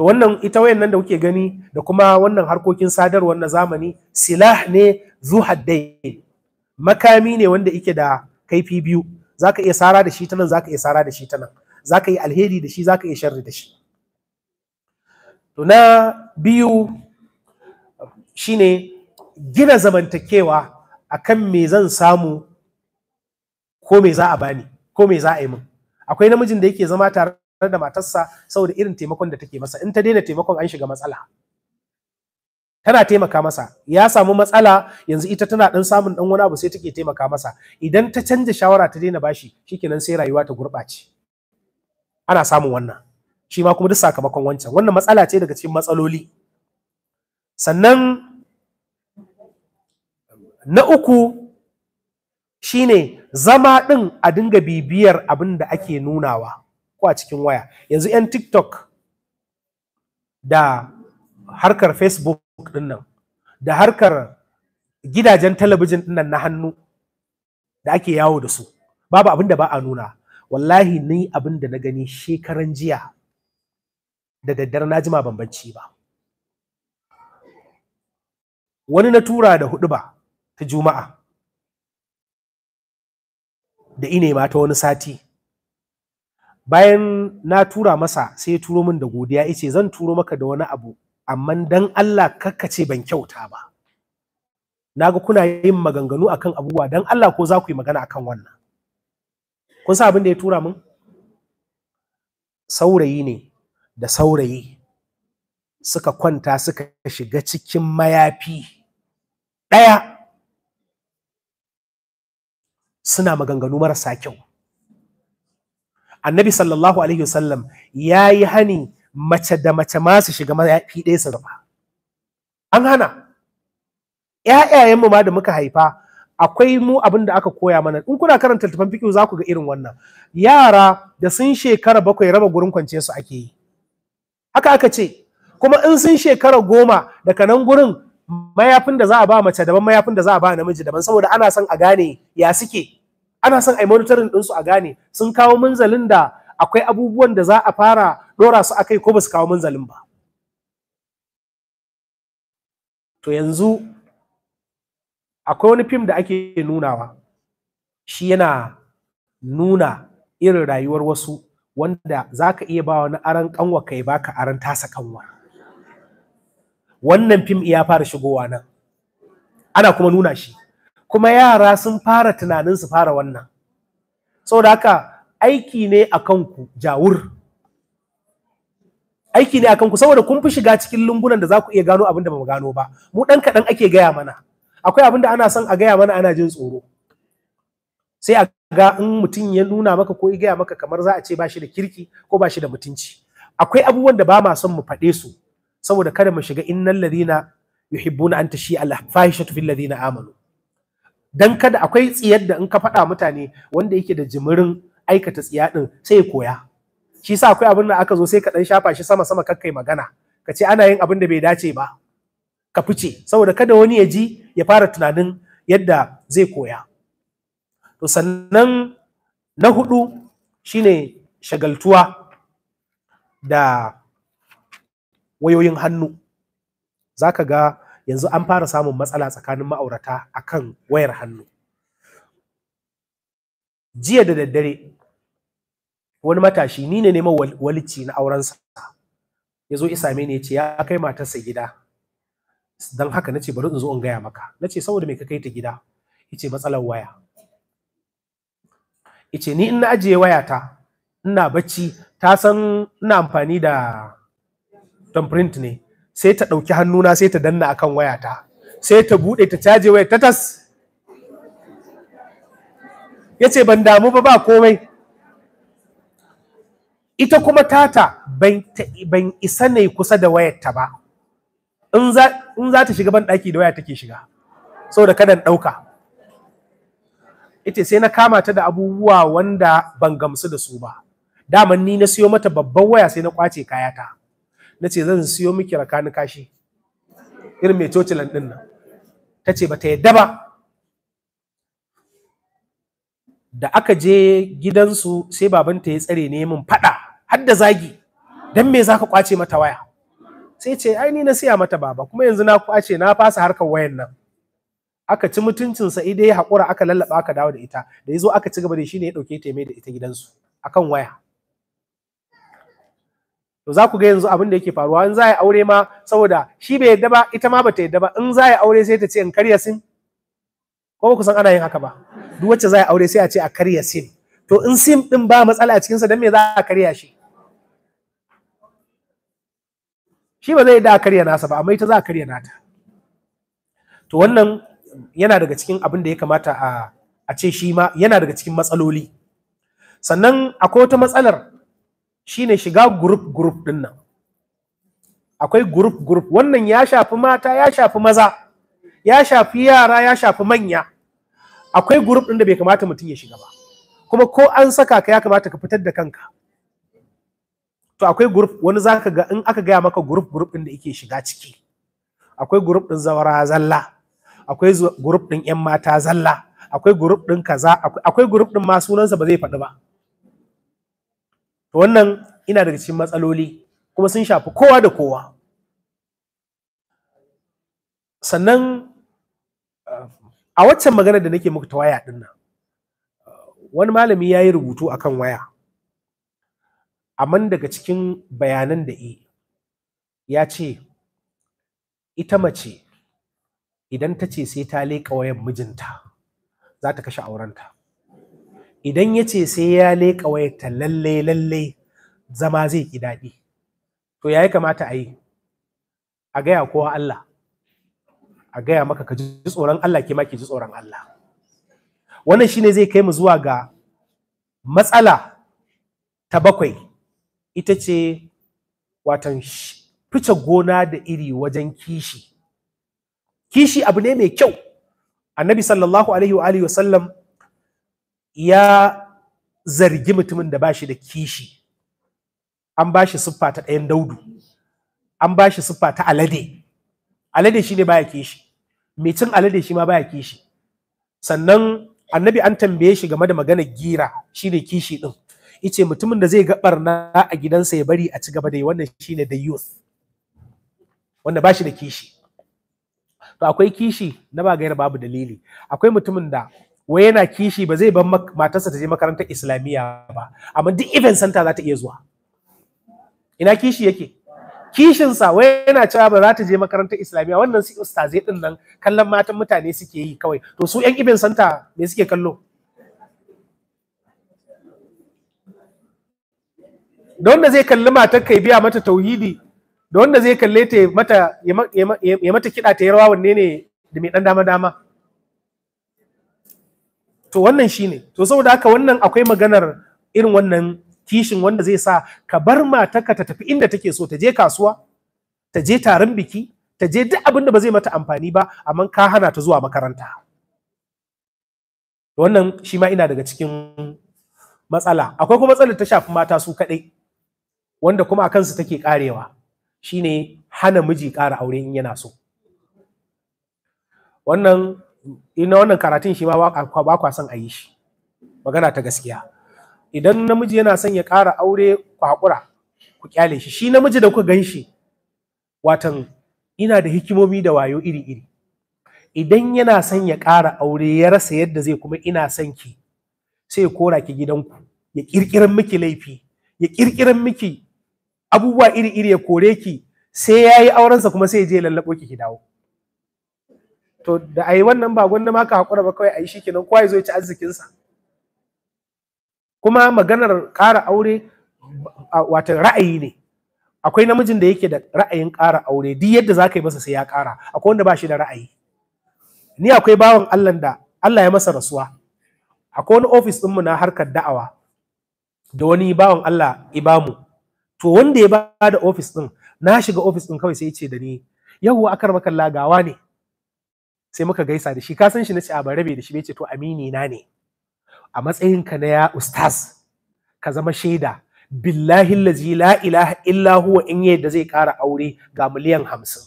to wannan ita wayannan da kuke gani da kuma wannan harkokin sadarwar na zamani silah ne zu makami ne wanda yake da kaifi biyu zaka iya sara da shi ta nan zaka iya sara da shi ta nan zaka yi alheri da shi zaka iya sharri da shi to na biyu shine gina zamantakewa akan me zan samu ko me za a bani ko me za a yi min akwai namijin da yake zama tare da matarsa saboda irin taimakon da take masa in ta daina taimakon an shiga matsala tana taimaka masa ya samu matsala yanzu ita tana dan samun dan wani abu sai take taimaka masa idan ta canja shawara ta daina bashi shikenan sai rayuwa ta gurɓace ana samun wannan shi ma kuma duk sakamakon wancan wannan matsala ce daga cikin matsaloli sannan na uku shine zama ɗin a dinga bibiyar abin da ake nunawa ko a cikin waya yanzu 'yan tiktok da harkar facebook din da harkar gidajen talabijin din na hannu da ake yawo da su babu abin da ba a nuna wallahi ni abin da na gani shekaran jiya da daddare na jima bambanci ba wani na tura da hudu ba ta juma'a da ine ma ta wani sati bayan na tura masa sai ya turo min da godiya yace zan turo maka da wani abu amma dan Allah ce ban kyauta ba Na ga kuna yin maganganu akan abubuwa dan Allah ko za ku yi magana akan wannan kun sa abin da ya tura min saurayi ne da saurayi suka kwanta suka shiga cikin mayafi ɗaya suna maganganu marasa kyau annabi sallallahu alaihi wasallam ya yi hani mace da mace masu su shiga mayafi ɗaya su rufa an hana ‘ya'yayenmu ma da muka haifa akwai mu abin da aka koya mana in kuna karanta littafin fiƙi za ku ga irin wannan yara da sun shekara bakwai raba gurin kwance su ake yi haka aka ce kuma in sun shekara goma daga nan gurin mayafin da za a ba mace daban mayafin da za a ba namiji daban saboda ana son a gane ya suke ana son a yi monitorin su a gane sun kawo munzalin da akwai abubuwan da za a fara ɗora su akai ko ba su kawo munzalin ba to yanzu akwai wani fim da ake nunawa shi yana nuna irin rayuwar wasu wanda za ka iya ba wani aran kanwa kai baka aran tasa kanwa wannan fim ya fara shigowa nan ana kuma nuna shi kuma yara sun fara tunanin su fara wannan saboda haka aiki ne a kanku jawur aiki ne a kanku saboda kun fi shiga cikin lungunan da za ku iya gano abin da ba mu gano ba mu ɗan kaɗan ake gaya mana akwai abin da ana son a gaya mana ana jin tsoro sai a ga in mutum ya nuna maka ko ya gaya maka kamar za a ce ba shi da kirki ko ba shi da mutunci akwai abubuwan da ba ma son mu faɗe su saboda kada mu shiga innal ladina yuhibbuna an tashi al fahishatu fil ladina amanu dan kada akwai tsiyar da in ka faɗa mutane wanda yake da jimirin aikata tsiya din sai ya koya shi sa akwai abin da aka zo sai ka dan shafa shi sama sama kakkai magana ka ce ana yin abin da bai dace ba ka fice saboda kada wani ya ji ya fara tunanin yadda zai koya to sannan na hudu shine shagaltuwa da wayoyin hannu za ka ga yanzu an fara samun matsala tsakanin ma'aurata akan wayar hannu jiya da daddare wani matashi ni ne neman walici na aurensa ya zo isa ne ya ce ya kai matarsa gida don haka na ce bari in zo in gaya maka na ce saboda me ka kai ta gida ya matsalar waya ya ni in na ajiye wayata ina bacci ta san ina amfani da thumbprint ne sai ta ɗauki hannuna sai ta danna a akan wayata sai ta buɗe ta caje waya ta tas ya ce ban damu ba ba komai ita kuma tata ban isa ne kusa da wayarta ba in za ta shiga ban ɗaki da waya take shiga saboda kadan ɗauka ita sai na kama ta da abubuwa wanda ban gamsu da su ba daman ni na siyo mata babban waya sai na kwace kayata na ce zan siyo miki rakani kashi irin mai cocilan ɗin nan ta ce ba ta yadda ba da aka je gidansu sai babanta ya tsare ne min faɗa har da zagi dan me ka kwace mata waya sai ce ai ni na siya mata baba kuma yanzu na kwace na fasa harkar wayan nan aka ci mutuncinsa idai ya haƙura aka lallaba aka dawo da ita da zo aka ci gaba da shi ne ya ɗauke ta mai da ita gidansu akan waya to za ku ga yanzu abin da yake faruwa in za a aure ma saboda shi bai yadda ba ita ma bata yadda ba in za a aure sai ta ce in karya sin ko ba ku san ana yin haka ba duk wacce za a aure sai a ce a karya sin to in sim din ba matsala a cikinsa don me za a karya shi shi ba zai da karya nasa ba amma ita za a karya nata to wannan yana daga cikin abin da ya kamata a ce shi ma yana daga cikin matsaloli sannan akwai wata matsalar shine shiga group group din nan akwai group group wannan ya shafi mata ya shafi maza ya shafi yara ya shafi manya akwai group din da bai kamata mutum ya shiga ba kuma ko an saka ka ya kamata ka fitar da kanka to akwai group wani zaka ga in aka gaya maka group group din da yake shiga ciki akwai group din zawara zalla akwai group din yan mata zalla akwai group din kaza akwai group din ma sunansa ba zai faɗi ba to wannan ina daga cikin matsaloli kuma sun shafi kowa da kowa sannan a waccan maganar da nake muku ta waya din wani malami ya yi rubutu kan waya amma daga cikin bayanan da ya ce ita mace idan ta ce sai ta leƙa wayan mijinta za ta kashe aurenta idan ya ce sai ya leƙa wayarta lalle lalle zama zai ki daɗi to ya kamata a yi a gaya kowa Allah a gaya maka ka ji tsoron Allah ke ki ji tsoron Allah wannan shine zai kai mu zuwa ga matsala ta bakwai ita ce watan fice gona da iri wajen kishi kishi abu ne mai kyau annabi sallallahu alaihi wa alihi ya zargi mutumin da bashi da kishi an bashi siffa ta ɗayan daudu an bashi siffa ta alade alade shi ne baya kishi mai cin alade shi ma baya kishi sannan annabi an tambaye shi game da magana gira shi ne kishi ɗin ice mutumin da zai ga na a gidansa ya bari a ci gaba da yi wannan ne da youth wanda bashi da kishi to akwai kishi na ba gaira babu dalili akwai mutumin da wai yana kishi ba zai bar matarsa ta je makarantar islamiyya ba amma duk event Santa za ta iya zuwa ina kishi yake kishinsa wai yana cewa ba za ta je makarantar islamiyya wannan su ustazai din nan kallon matan mutane suke yi kawai to su yan event Santa me suke kallo da wanda zai kalli matar kai biya mata tauhidi da wanda zai kalle ta mata ya mata kiɗa ta yi rawa wanne ne da mai ɗan dama dama to wannan shine to saboda haka wannan akwai maganar irin wannan kishin wanda zai sa ka bar matarka ta tafi inda take so ta je kasuwa ta je taron biki ta je duk abin da ba zai mata amfani ba amma ka hana ta zuwa makaranta wannan shi ma ina daga cikin matsala akwai kuma matsalar ta shafi mata su kadai, wanda kuma a kansu take karewa shine hana miji ƙara aure in yana so wannan na wannan karatun shi ma ba kwa son a yi shi magana ta gaskiya idan namiji yana son ya ƙara aure kwakura ku kyale shi shi namiji da kuka gan shi watan ina da hikimomi da wayo iri-iri idan yana son ya ƙara aure ya rasa yadda zai kuma ina son ki sai ya kora ki gidanku ya ƙirƙiran miki laifi ya ƙirƙiran miki abubuwa iri-iri ya kore ki sai ya yi aurensa kuma sai ya je ya lallaɓo ki ki dawo to da a wannan ba gwanda ma ka haƙura ba kawai a yi shi kenan kowa ya zo ya ci arzikinsa kuma maganar ƙara aure wata ra'ayi ne akwai namijin da yake da ra'ayin ƙara aure duk yadda za ka yi masa sai ya ƙara akwai wanda ba shi da ra'ayi ni akwai bawan Allah da Allah ya masa rasuwa akwai wani ofis ɗinmu na harkar da'awa da wani bawan Allah ibamu to wanda ya ba da ofis ɗin na shiga ofis ɗin kawai sai ya ce da ni yau akar makalla gawa ne sai muka gaisa da shi ka san shi na ce a rabe da shi bai ce to amini na ne a matsayin ka na ya ustaz ka zama shaida billahi lazi la ilaha illa huwa in yadda zai kara aure ga miliyan hamsin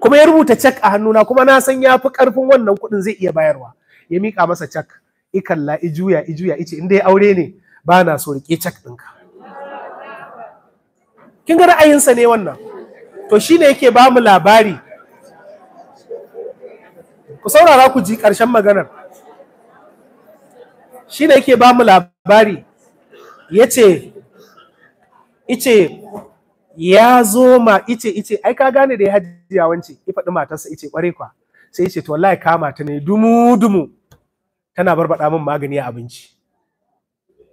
kuma ya rubuta cek a hannuna kuma na san ya fi karfin wannan kuɗin zai iya bayarwa ya miƙa masa cek ikalla ijuya ijuya ice in dai aure ne ba na so rike cek ɗinka kin ga ra'ayinsa ne wannan to shine yake ba mu labari ku saurara ku ji ƙarshen maganar shi ne yake ba mu labari ya ce ice ya zo ma ice ice ai ka gane da ya hajiya wance ya faɗi matarsa ice ƙware kwa sai ce to wallahi kama ta ne dumu dumu tana barbaɗa min magani a abinci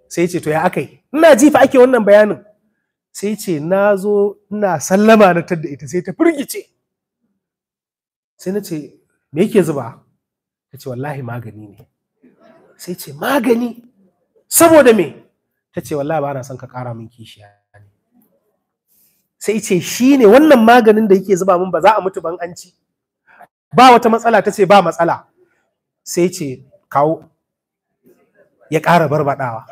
sai ce to ya aka yi. ina ji fa ake wannan bayanin sai ce na zo ina sallama na tadda ita sai ta firgice sai na ce me yake zuba ta ce wallahi magani ne sai ce magani saboda me ta ce wallahi ba na son ka kara min kishiya ne sai ce shi ne wannan maganin da yake zuba min ba za a mutu ban an ci ba wata matsala ta ce ba matsala sai ce kawo ya ƙara barbaɗawa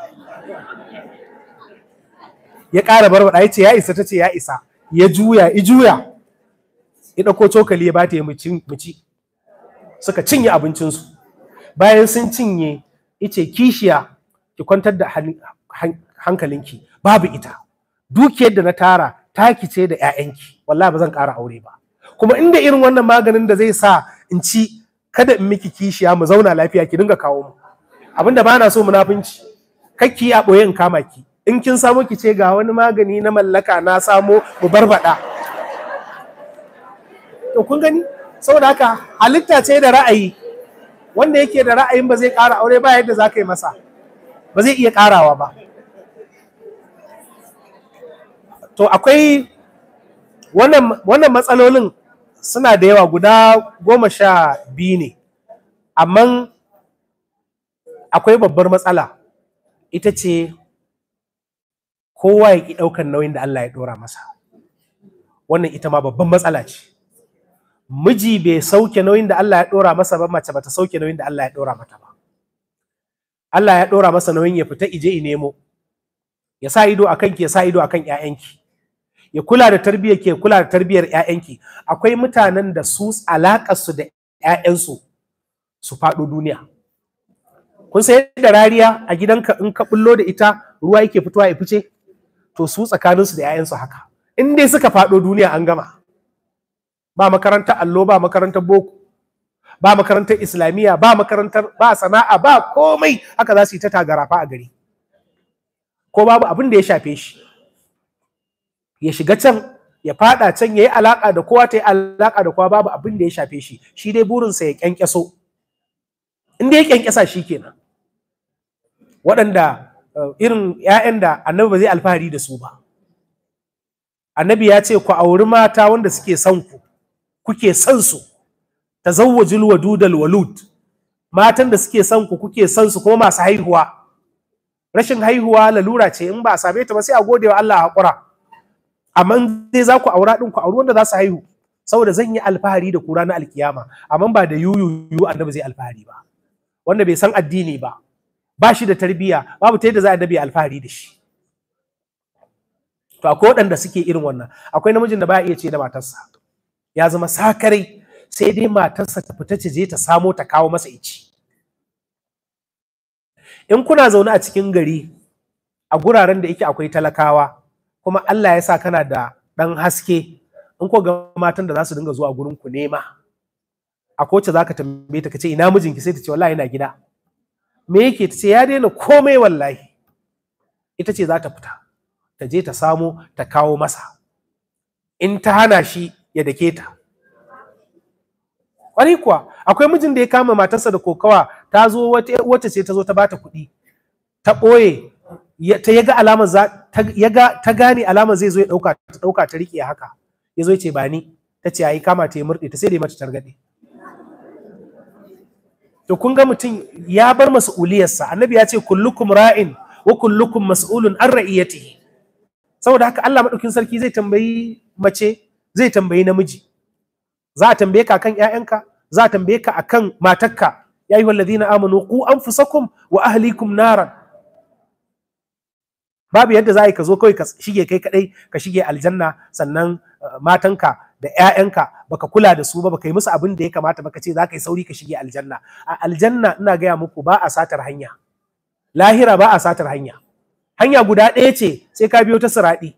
ya ƙara barbaɗa ya ce ya isa ta ce ya isa ya juya ya juya ya ɗauko cokali ya bata ya ci. suka cinye abincinsu bayan sun cinye ice kishiya ki kwantar da hankalinki babu ita dukiyar da na tara taki ce da 'ya'yanki wallahi ba zan ƙara aure ba kuma inda irin wannan maganin da zai sa in ci kada in miki kishiya mu zauna lafiya ki dinga kawo mu abinda ba na so munafunci kakki a ɓoye in kama ki in kin samo ki ce ga wani magani na mallaka na samo mu barbada to kun gani saboda haka halitta ce da ra'ayi wanda yake da ra'ayin ba zai ƙara aure ba yadda za ka yi masa ba zai iya ƙarawa ba to akwai wannan matsalolin suna da yawa guda goma sha biyu ne amma akwai babbar matsala ita ce kowa ya ki ɗaukar nauyin da Allah ya ɗora masa wannan ita ma babban matsala ce miji bai sauke nauyin da Allah ya dora masa ba mace bata sauke nauyin da Allah ya dora mata ba Allah ya dora masa nauyin ya fita ije i nemo ya sa ido akan ki ya sa ido akan ƴaƴanki ya kula da tarbiyyar ki ya kula da tarbiyyar ƴaƴanki akwai mutanen da su alakar su da ƴaƴansu su faɗo duniya kun sai da rariya a gidanka in ka bullo da ita ruwa yake fitowa ya fice to su tsakaninsu da 'ya'yansu haka in dai suka faɗo duniya an gama ba makarantar allo ba makarantar boko ba makarantar islamiyya ba makarantar ba sana'a ba komai haka za su yi ta tagarafa a gari ko babu abin da ya shafe shi ya shiga can ya fada can ya yi alaka da kowa ta yi alaka da kowa babu abin da ya shafe shi shi dai burinsa ya kyankyaso in dai ya kyankyasa shi kenan waɗanda eh, irin 'ya'yan da annabi ba zai alfahari da su ba annabi ya ce ku auri mata wanda suke son ku kuke san su tazawwajul wadudal walud matan da suke son ku kuke son su kuma masu haihuwa rashin haihuwa lalura ce in ba a same ta ba sai a gode wa Allah hakura amma zai za ku aura ɗinku ku auri wanda za su haihu saboda zan yi alfahari da kura na alkiyama amma ba da yuyuyu annabi zai alfahari ba wanda bai san addini ba ba shi da tarbiyya babu ta da za a dabi alfahari da shi to akwai waɗanda suke irin wannan akwai namijin da ba a iya ce da matarsa ya zama sakarai sai dai matarsa ta fita ce je ta samo ta kawo masa ici in kuna zaune a cikin gari a guraren da yake akwai talakawa kuma Allah ya sa kana da ɗan haske in ko ga matan da za su dinga zuwa gurin ku nema a kowace za ka tambaye ta ka ce ina mijinki sai ta ce wallahi yana gida me yake ta ce ya daina komai wallahi ita ce za ta fita ta je ta samo ta kawo masa in ta hana shi ya dake ta kwari kuwa akwai mijin da ya kama matarsa da kokawa ta zo wata ce ta zo ta bata kuɗi ta ɓoye ta yaga alamar ta gane alamar zai zo ya ɗauka ta ɗauka ta riƙe haka ya zo ya ce ba ni ta ce ayi kama ta yi murɗe ta sai dai mata targaɗe to kun ga mutum ya bar mas'uliyarsa annabi ya ce kullukum ra'in wa kullukum mas'ulun an ra'iyatihi saboda haka Allah maɗaukin sarki zai tambayi mace zai tambayi namiji za a tambaye ka kan ƴaƴanka za a tambaye ka akan matarka ya ayyuhal ladina amanu qu anfusakum wa ahlikum naran babu yadda za a yi ka zo kawai ka shige kai kadai ka shige aljanna sannan eh, matanka da ƴaƴanka baka kula da su ba baka yi musu abin da ya kamata baka ce za ka yi sauri ka shige aljanna a aljanna ina gaya muku ba a satar hanya lahira ba a satar hanya hanya guda ɗaya ce sai ka biyo ta siraɗi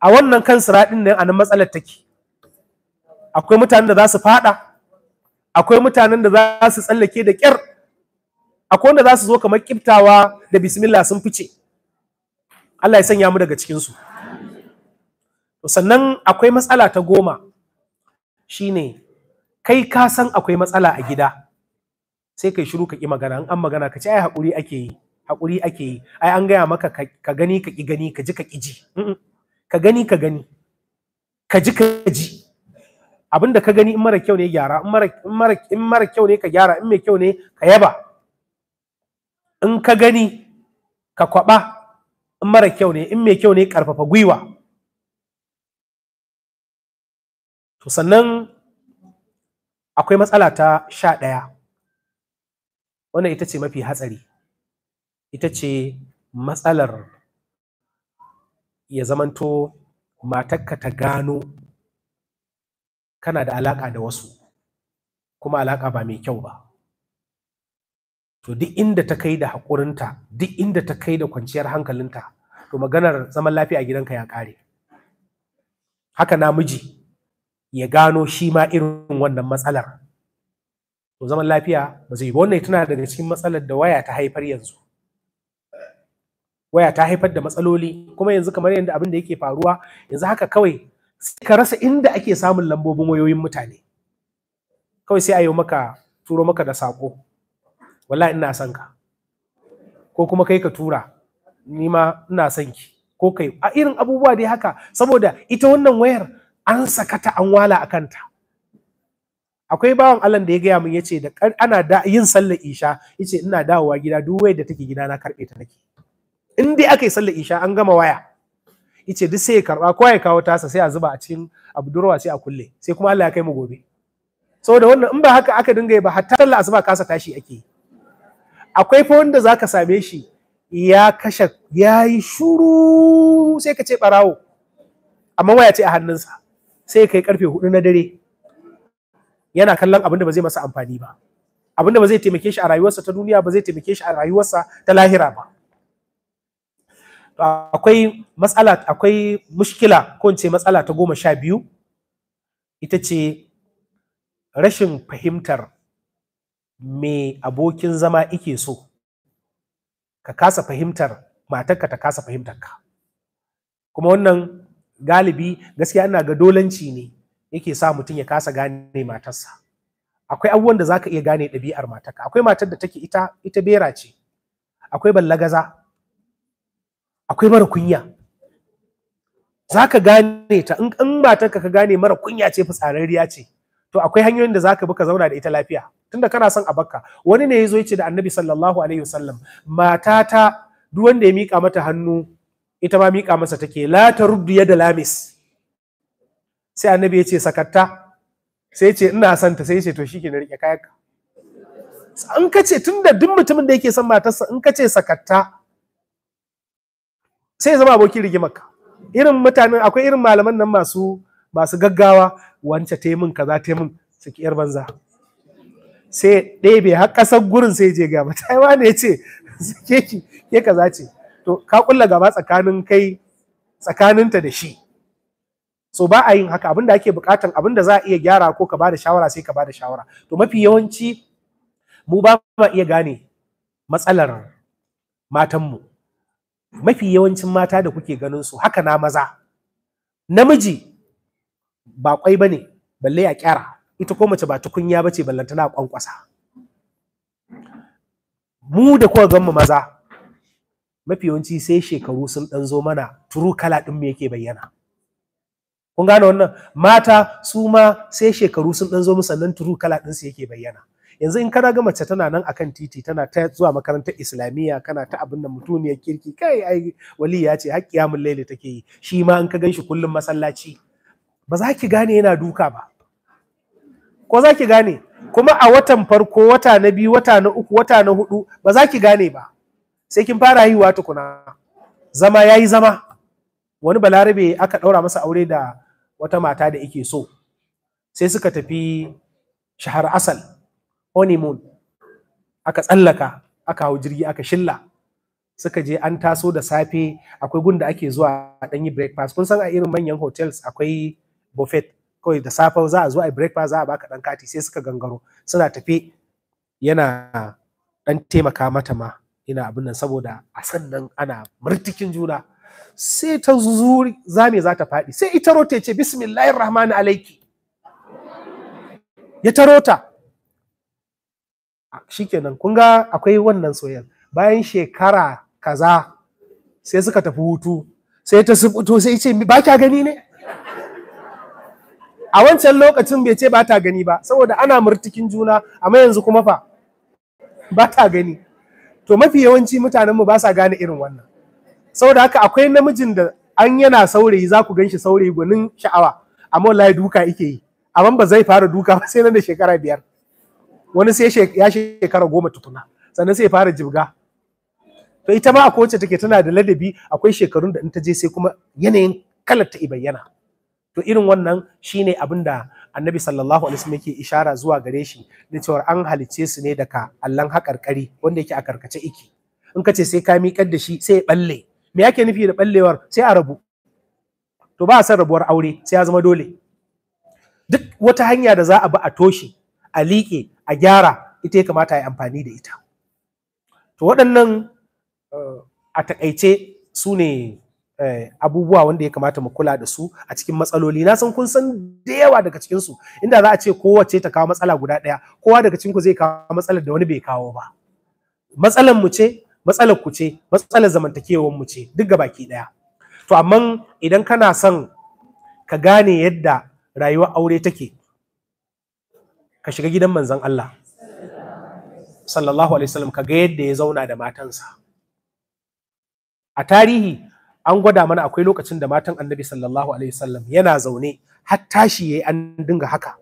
a wannan kan siraɗin nan anan matsalar take akwai mutanen da za su fada akwai mutanen da za su tsallake da kyar akwai wanda za su zo kamar kiftawa da bismillah sun fice Allah ya sanya mu daga cikin su sannan akwai matsala ta goma shine kai ka san akwai matsala a gida sai kai shiru ka ƙi magana an magana ka ce ai haƙuri ake yi haƙuri ake yi ai an gaya maka ka gani ka ƙi gani ka ji ka ƙi ji ka gani ka gani ka ji ka ji abin da ka gani in mara kyau ne gyara in mara kyau ne ka gyara in mai kyau ne ka yaba in ka gani ka kwaba in mara kyau ne in mai kyau ne karfafa gwiwa to sannan akwai matsala ta sha ɗaya wannan ita ce mafi hatsari ita ce matsalar ya zamanto matakka ta gano kana da alaƙa da wasu kuma alaƙa ba mai kyau ba to duk inda ta kai da haƙurinta duk inda ta kai da kwanciyar hankalinta to maganar zaman lafiya a gidanka ya ƙare haka namiji ya gano shi ma irin wannan matsalar to zaman lafiya ba zai yi ba wannan tana daga cikin matsalar da waya ta haifar yanzu waya ta haifar da matsaloli kuma yanzu kamar yadda abin da yake faruwa yanzu haka kawai sai ka rasa inda ake samun lambobin wayoyin mutane kawai sai a yi maka turo maka da sako wala ina son ka ko kuma kai ka tura ni ma ina son ki ko kai a irin abubuwa dai haka saboda ita wannan wayar an sakata an wala a kanta akwai bawan Allah da ya gaya min yace da ana yin sallar isha yace ina dawowa gida duk wayar da take gida na karbe ta nake in dai aka yi sallar isha an gama waya yace duk sai ya karba ko ya kawo tasa sai a zuba a cikin abdurwa sai a kulle sai kuma Allah ya kai mu gobe saboda wannan in ba haka aka dinga yi ba hatta sallar asuba kasa tashi ake akwai fa wanda zaka same shi ya kashe ya yi shuru sai ka ce barawo amma waya ce a hannunsa sai kai karfe hudu na dare yana kallon abinda da ba zai masa amfani ba abin da ba zai taimake shi a rayuwarsa ta duniya ba zai taimake shi a rayuwarsa ta lahira ba akwai matsala akwai mushkila ko in ce matsala ta goma sha biyu ita ce rashin fahimtar mai abokin zama ike so ka kasa fahimtar matarka ta kasa fahimtarka. kuma wannan galibi gaskiya ana ga dolanci ne yake sa mutum ya kasa gane matarsa akwai abubuwan da za ka iya gane ɗabi'ar matarka akwai matar da take ita ita bera ce akwai ballagaza akwai mara kunya za ka gane ta in matarka ka gane mara kunya ce fitsararriya ce to akwai hanyoyin da za ka bi ka zauna da ita lafiya tunda kana son a bakka wani ne ya zo ce da annabi sallallahu alaihi wasallam matata duk wanda ya mika mata hannu ita ma miƙa masa take la ta ruddu yada lamis sai annabi ya sakatta sai ce ina son ta sai ya ce to shike na rike kayanka in ka ce tunda duk mutumin da yake son matarsa in ka ce sakatta sai zama abokin rigimarka irin mutanen akwai irin malaman nan masu masu gaggawa wance ta min kaza ta min suki yar banza sai bai har ƙasar gurin sai je ga mata yawa ne ce suke ki ke kaza ce to ka kulla gaba tsakanin kai tsakaninta da shi so ba a yin haka abinda ake bukatan abinda za a iya gyara ko ka bada shawara sai ka bada shawara to mafi yawanci mu ba ma iya gane matsalar matanmu mafi yawancin mata da kuke ganin su haka na maza namiji ba kwai bane balle a kyara ita ko mace ba tukunya bace tana kwankwasa mu da kowa gan mu maza mafi yawanci sai shekaru sun dan zo mana turu kala din mu yake bayyana kun gane wannan mata su ma sai shekaru sun dan zo mu sannan turu kala din su yake bayyana yanzu in kana ga mace tana nan akan titi tana ta zuwa makarantar islamiyya kana ta abin da mutuniyar kirki kai ai wali ya ce har kiyamun laili take yi shi ma in ka gan shi kullum masallaci ba za ki gane yana duka ba ko za ki gane kuma a watan farko wata na biyu wata na uku wata na hudu ba za ki gane ba sai kin fara yiwa tukuna zama yayi zama wani balarabe aka ɗaura masa aure da wata mata da yake so sai suka tafi shahar asal honeymoon aka tsallaka aka hau jirgi aka shilla suka je an taso da safe akwai gunda ake zuwa a dan yi breakfast kun san a irin manyan hotels akwai buffet kawai da safe za a zo a yi breakfast za a baka dan kati sai suka gangaro suna tafe yana dan taimaka mata ma ina abin nan saboda a sannan ana murtikin juna sai ta zuri me za ta faɗi sai ita rote ce bismillahir rahmanir alaiki ya tarota shikenan kun ga akwai wannan soyayyar bayan shekara kaza sai suka tafi hutu sai ta to sai ce ba kya gani ne a wancan lokacin bai ce ba ta gani ba saboda ana murtikin juna amma yanzu kuma fa ba ta gani to mafi yawanci mutanenmu ba sa gane irin wannan saboda haka akwai namijin da an yana saurayi za ku ganshi saurayi gwanin sha'awa amma wallahi duka yake yi amma ba zai fara duka ba sai nan da shekara biyar wani sai ya shekara goma tukuna sannan sai ya fara jibga to ita ma akwai wacce take tana da ladabi akwai shekarun da in ta je sai kuma yanayin kalar ta bayyana to irin wannan shine abin da annabi sallallahu alaihi wasallam yake ishara zuwa gare shi da cewa an halicce su ne daga allan haƙarƙari wanda yake a karkace iki in ka ce sai ka miƙar da shi sai ya balle me yake nufi da ballewar sai a rabu to ba a san rabuwar aure sai ya zama dole duk wata hanya da za a bi a toshe a liƙe a gyara ita ya kamata a yi amfani da ita to waɗannan eh, a takaice su ne eh, abubuwa wanda ya kamata mu kula da su a cikin matsaloli na san kun san da yawa daga cikin su inda za a ce kowace ta kawo matsala guda ɗaya kowa daga cikin ku zai kawo matsalar da wani bai kawo ba matsalar mu ce matsalar ku ce matsalar zamantakewar mu ce duk baki ɗaya to amma idan kana son ka gane yadda rayuwar aure take ka shiga gidan manzon Allah sallallahu alaihi wasallam ka ga yadda ya zauna da matansa a tarihi an gwada mana akwai lokacin da matan annabi sallallahu alaihi wasallam yana zaune har tashi yayi an dinga haka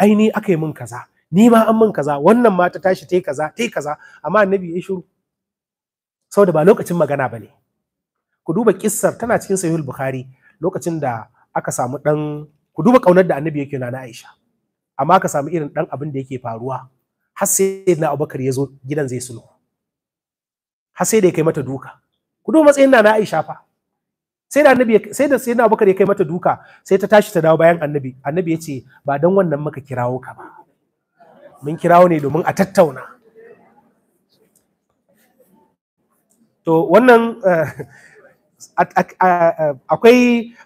ai ni aka yi min kaza ni ma an min kaza wannan mata tashi tai kaza tai kaza amma annabi ya shiru saboda ba lokacin magana bane ku duba kissar tana cikin sahihul bukhari lokacin da aka samu dan ku duba kaunar da annabi yake na Aisha amma ka samu irin dan abin da yake faruwa har sai na Abubakar ya zo gidan zai sulhu har sai da ya kai mata duka ku duba matsayin na Aisha fa sai da annabi sai da sai na Abubakar ya kai mata duka sai ta tashi ta dawo bayan annabi annabi ya ce ba dan wannan muka kirawo ka ba mun kirawo ne domin a tattauna to wannan eh, eh,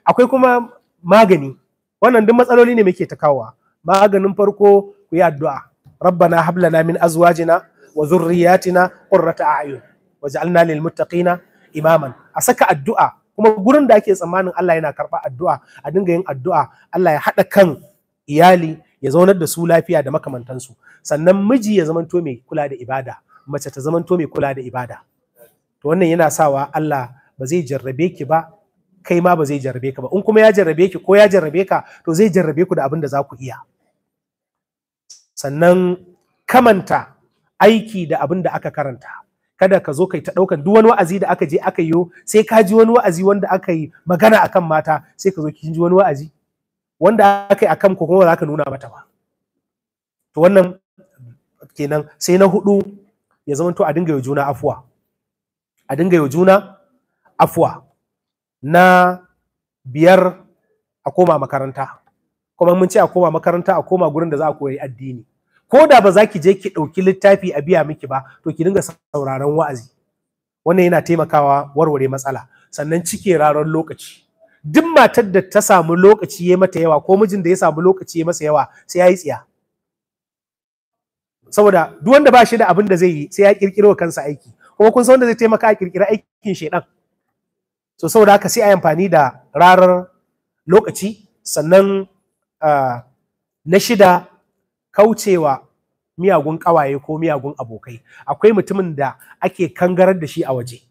akwai kuma magani wannan duk matsaloli ne muke ta kawowa maganin farko ku yi addu'a rabbana hab lana min azwajina wa zurriyatina qurrata a'yun waj'alna lil muttaqina imaman a saka addu'a kuma gurin da ake tsammanin Allah yana karɓa addu'a a dinga yin addu'a Allah ya haɗa kan iyali ya zaunar da su lafiya da makamantansu sannan miji ya zamanto mai kula da ibada mace ta zamanto mai kula da ibada to wannan yana sawa Allah ba zai jarrabe ki ba kai ma ba zai jarrabe ka ba in kuma ya jarrabe ki ko ya jarrabe ka to zai jarrabe ku da abin da za ku iya sannan kamanta aiki da abin da aka karanta kada ka zo kai ta ɗaukan duk wani wa'azi da aka je aka yi sai ka ji wani wa'azi wanda aka yi magana akan mata sai ka zo kin ji wani wa'azi wanda aka yi akan ko kuma za ka nuna mata ba to wannan kenan sai na hudu ya zama to a dinga yi juna afuwa a dinga yi juna afuwa na biyar a koma makaranta kuma mun ce a koma makaranta a koma gurin da za a koyi addini ko da ba za ki je ki ɗauki littafi a biya miki ba to ki dinga sauraron wa'azi wannan yana taimakawa warware matsala sannan cike raron lokaci duk matar da ta samu lokaci ya mata yawa ko mijin da ya samu lokaci ya masa yawa sai ya yi tsiya saboda duk wanda ba shi da abin da zai yi sai ya kirkiro kansa aiki kuma kun san wanda zai taimaka a kirkira aikin shedan so saboda haka sai a yi amfani da rarar lokaci sannan na shida kaucewa miyagun ƙawaye ko miyagun abokai akwai mutumin da ake kangarar da shi a waje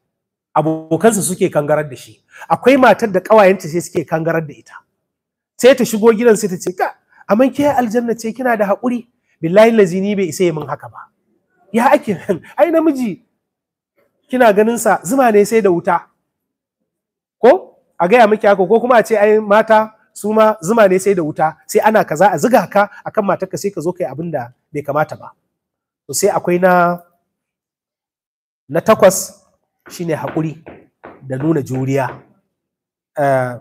abokansa suke kangarar da shi akwai matar da kawayenta sai suke kangarar da ita sai ta shigo gidan sai ta ce ka aman ke aljanna ce kina da haƙuri billahi lazini bai isa min haka ba ya ake ai namiji kina ganin sa zuma ne sai da wuta ko a gaya miki haka ko kuma a ce ai mata Suma zuma ne sai da wuta sai ana kaza a ziga ka akan matarka sai ka zo kai abin da bai kamata ba to sai akwai na na takwas shine haƙuri da nuna juriya eh,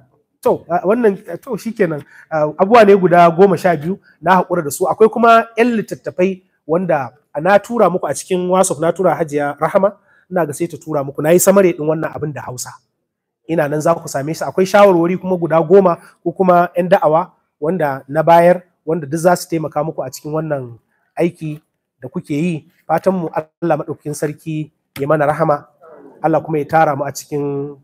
to wannan to shikenan eh, abuwa ne guda goma sha biyu na haƙura da su akwai kuma 'yan littattafai wanda na tura muku a cikin wasof na tura hajiya rahama ina ga sai ta tura muku na yi samare ɗin wannan abin da hausa ina nan za ku same su akwai shawarwari kuma guda goma ko kuma 'yan da'awa wanda na bayar wanda duk za su taimaka muku a cikin wannan aiki da kuke yi fatan mu Allah maɗaukakin sarki ya mana rahama Allah kuma ya tara mu a cikin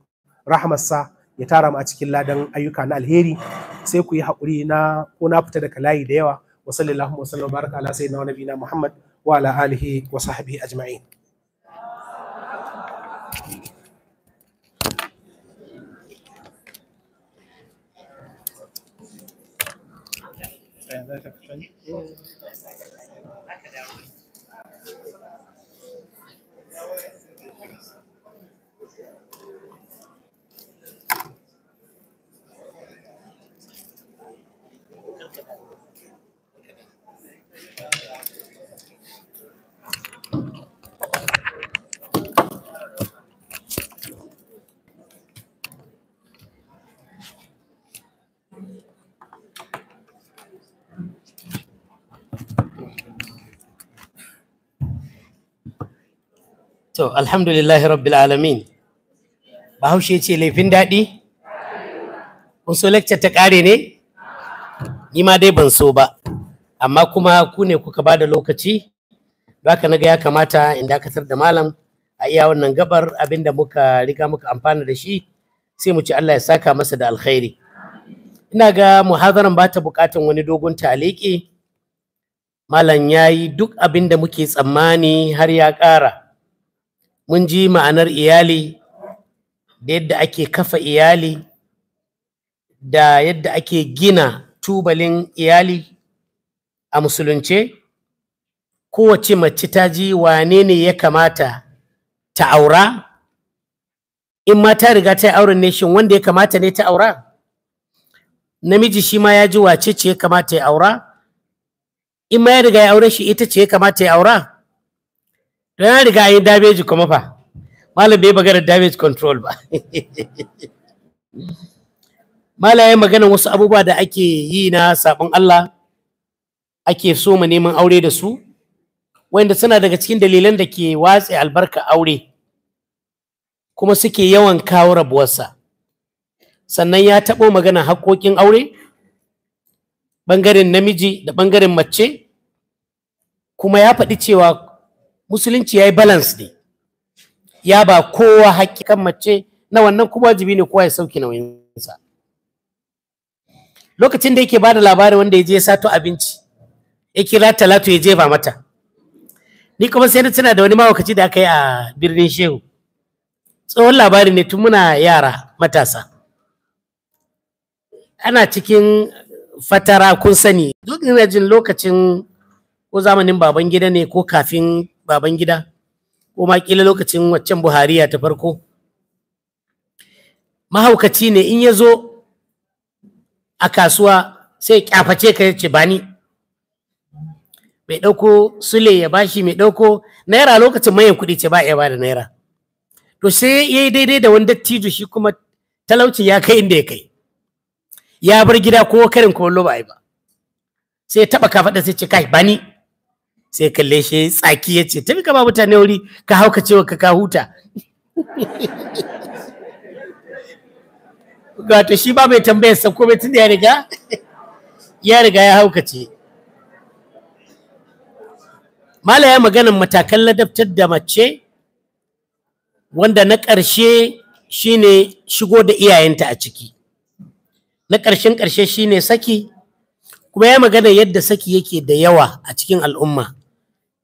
rahamarsa ya tara mu a cikin ladan ayyuka na alheri sai ku yi haƙuri na ko na fita daga layi da yawa wa sallallahu wa sallam baraka ala sayyidina wa nabiyina Muhammad wa ala alihi wa sahbihi ajma'in Yeah, that's a question. Yeah. To, alhamdulillahi rabbil alamin. Bahaushe ce laifin daɗi? Kun so lecture ta ƙare ne? Ni ma dai ban so ba, amma kuma ku ne kuka ba da lokaci, ba ka naga ya kamata in dakatar da malam a iya wannan gabar abinda muka riga muka amfana da shi sai mu ci Allah ya saka masa da alkhairi. Ina ga muhazaran ba ta bukatan wani dogon taliki. Malam ya yi duk abin da muke tsammani har ya ƙara. mun ji ma'anar iyali da yadda ake kafa iyali da yadda ake gina tubalin iyali a musulunce kowace mace ta ji wane ne ya kamata ta aura in ma ta riga ta yi auren ne shin wanda ya kamata ne ta aura namiji shi ma ya ji wace ce ya kamata ya aura in ma ya riga ya aure shi ita ce ya kamata ya aura don ya riga yi damage kuma fa malam bai magana damage control ba malam ya magana wasu abubuwa da ake yi na sabon Allah ake so mu neman aure da su wanda suna daga cikin dalilan da ke watse albarka aure kuma suke yawan kawo rabuwarsa sannan ya taɓo magana haƙoƙin aure ɓangaren namiji da ɓangaren mace kuma ya faɗi cewa musulunci ya yi balance ne ya ba kowa kan mace na wannan kuma wajibi ne kowa ya sauki nauyinsa lokacin da yake da labari wanda ya je ya sato abinci ya kira talatu ya jefa mata ni kuma sai na tuna da wani mawakaci da aka yi a birnin shehu tsohon labari ne tun muna yara matasa ana cikin fatara kun sani duk jin lokacin ko zamanin baban gida ne ko kafin baban gida ko ma kila lokacin waccan buhariya ta farko mahaukaci ne in ya zo a kasuwa sai kyaface ka ce bani ni mai ɗauko sule ya bashi mai ɗauko naira lokacin mayan kuɗi ce ba ya ba naira to sai ya yi daidai da wani dattijo shi kuma talauci ya kai inda ya kai ya bar gida ko karin kumallo ba a yi ba sai ya taɓa kafaɗa sai ce kai ba sai kalle shi tsaki ya ce tafi ka ba mutane wuri ka ka cewa ka huta wato shi ba mai tambayar sa komai tun da ya riga ya riga ya haukace mala ya maganin matakan ladabtar da mace wanda na ƙarshe shine shigo da iyayenta a ciki na ƙarshen ƙarshe shine saki kuma ya magana yadda saki yake da yawa a cikin al'umma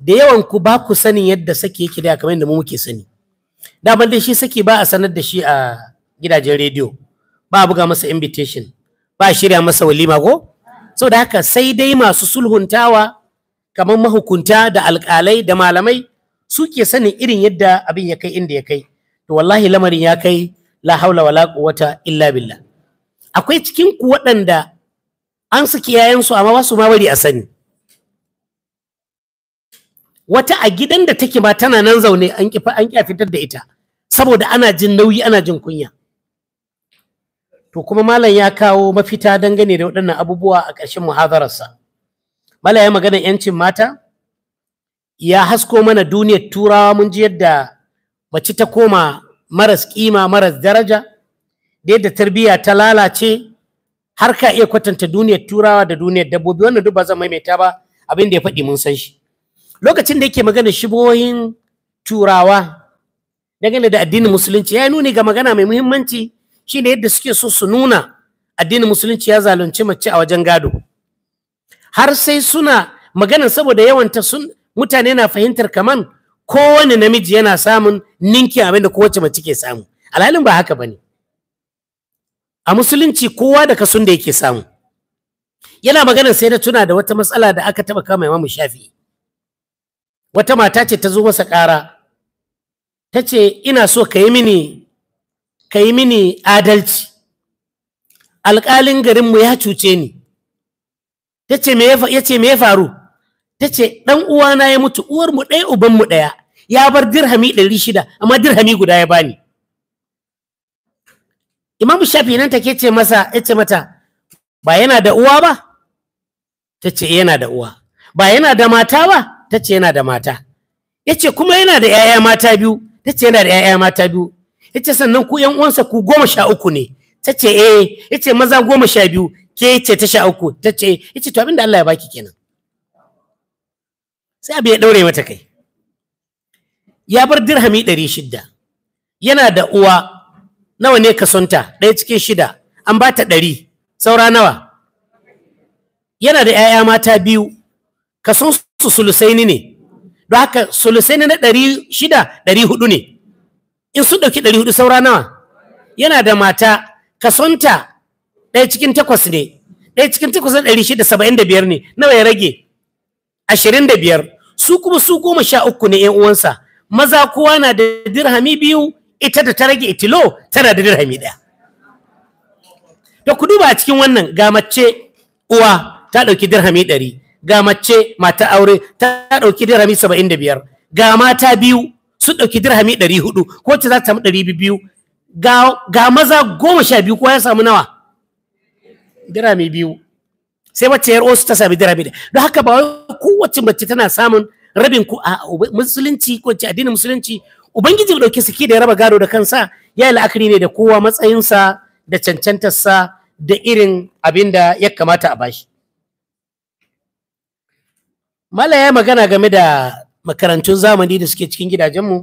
da yawan ku ba ku sanin yadda sake yake da kamar yadda mu muke sani daman dai shi saki ba a sanar da shi a gidajen rediyo ba a buga masa invitation ba a shirya masa walima ko saboda haka sai dai masu sulhuntawa kamar mahukunta da alƙalai da malamai suke sanin irin yadda abin ya kai inda ya kai to wallahi lamarin ya kai la haula wala quwwata illa billah akwai cikin ku waɗanda an saki yayansu amma ba su ma bari a sani wata a gidan da take ma tana nan zaune an ƙi an fitar da ita saboda ana jin nauyi ana jin kunya to kuma malam ya kawo mafita dangane da waɗannan abubuwa a ƙarshen muhadararsa malam ya magana yancin mata ya hasko mana duniyar turawa mun ji yadda mace ta koma maras kima maras daraja da yadda tarbiyya ta lalace har ka iya kwatanta duniyar turawa da duniyar dabbobi wannan duk ba zan maimaita ba abin da ya faɗi mun san shi lokacin da yake magana shibohin turawa dangane da addinin musulunci ya nuni ga magana mai muhimmanci shine yadda suke so su nuna addinin musulunci ya zalunci mace a wajen gado har sai suna maganan saboda yawanta sun mutane na fahimtar kaman kowane namiji yana samun ninki abin da kowace mace ke samu alhalin ba haka bane a musulunci kowa da kasun da yake samu yana maganar sai da tuna da wata matsala da aka taba kama imamu shafi'i wata mata ce ta zo masa ƙara ta ce ina so ka yi mini ka yi mini adalci alƙalin garinmu ya cuce ni ta ce me ya faru ta ce ɗan uwana ya mutu uwarmu ɗaya ubanmu ɗaya ya bar dirhami ɗari shida amma dirhami guda ya bani imam shafi nan take ce masa ce mata ba yana da uwa ba ta ce eh, yana da uwa ba yana da mata ba ta ce yana da mata ya ce kuma yana da 'ya'ya mata biyu ta ce yana da 'ya'ya mata biyu ya ce sannan ku 'yan uwansa ku goma sha uku ne ta ce eh ya ce maza goma sha biyu ke ce ta sha uku ta ce ya ce to abinda Allah ya baki kenan sai abu ya ɗaure mata kai ya bar dirhami ɗari shida yana da uwa nawa ne kasonta ɗaya cikin shida an ba ta ɗari saura nawa yana da 'ya'ya mata biyu kason su sulusaini ne don haka sulusaini na ɗari shida ɗari hudu ne in sun ɗauki ɗari hudu saura nawa yana da mata kasonta ɗaya cikin takwas ne ɗaya cikin takwas na ɗari shida saba'in da biyar ne nawa ya rage ashirin da biyar su kuma su goma sha uku ne 'yan uwansa maza kowa na da dirhami biyu ita da ta rage itilo tana da dirhami ɗaya da ku duba a cikin wannan ga mace uwa ta ɗauki dirhami ɗari ga mace mata aure ta ɗauki dirhami saba'in da biyar ga mata biyu su ɗauki dirhami ɗari hudu ko ta za ta samu ɗari biyu ga maza goma sha biyu ko ya samu nawa dirhami biyu sai mace yar osu ta sami dirhami don haka ba wai kowace mace tana samun rabin ku a musulunci ko ce addinin musulunci ubangiji ɗauki saki da ya raba gado da kansa ya yi la'akari ne da kowa matsayinsa da cancantarsa da irin abin da ya kamata a bashi Mala ya magana game da makarantun zamani da suke cikin gidajenmu,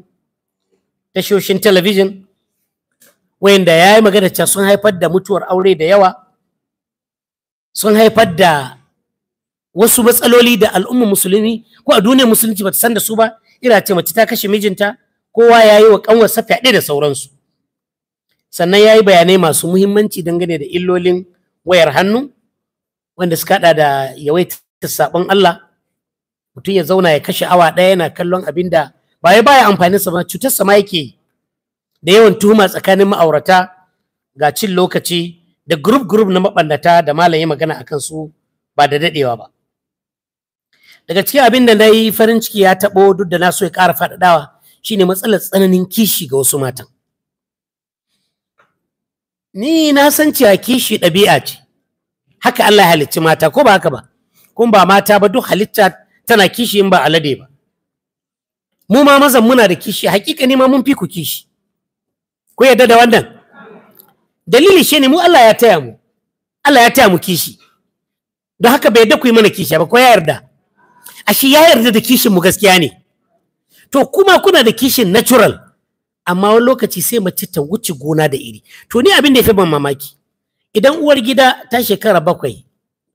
tashoshin talabijin, wayanda ya yi magana cewa sun haifar da mutuwar aure da yawa, sun haifar da wasu matsaloli da al'ummar musulmi ko a duniyar musulunci bata san da su ba, ira ce mace ta kashe mijinta, kowa ya yi wa ƙanwarsa fyaɗe da sauransu. Sannan ya yi bayanai masu muhimmanci dangane da illolin wayar hannu, wanda suka haɗa da yawaitar saɓon Allah. mutum ya zauna ya kashe awa ɗaya yana kallon abin da ba ya baya amfanin sa ba cutar sa ma yake da yawan tuhuma tsakanin ma'aurata ga cin lokaci da group group na mabannata da malam ya magana akan su ba da dadewa ba daga cikin abin da na yi farin ciki ya taɓo duk da na so ya ƙara faɗaɗawa shine matsalar tsananin kishi ga wasu matan ni na san cewa kishi ɗabi'a ce haka Allah ya halicci mata ko ba haka ba kun ba mata ba duk halitta tana kishi in ba alade ba mu ma mazan muna da kishi hakika ne ma mun fi ku kishi ku yarda da wannan dalili shine mu Allah ya taya mu Allah ya taya mu kishi don haka bai yarda ku yi mana kishi ba ko ya yarda ashe ya yarda da kishin mu gaskiya ne to kuma kuna da kishin natural amma wani lokaci sai mace ta wuce gona da iri to ni abin da ya fi ban mamaki idan uwar gida ta shekara bakwai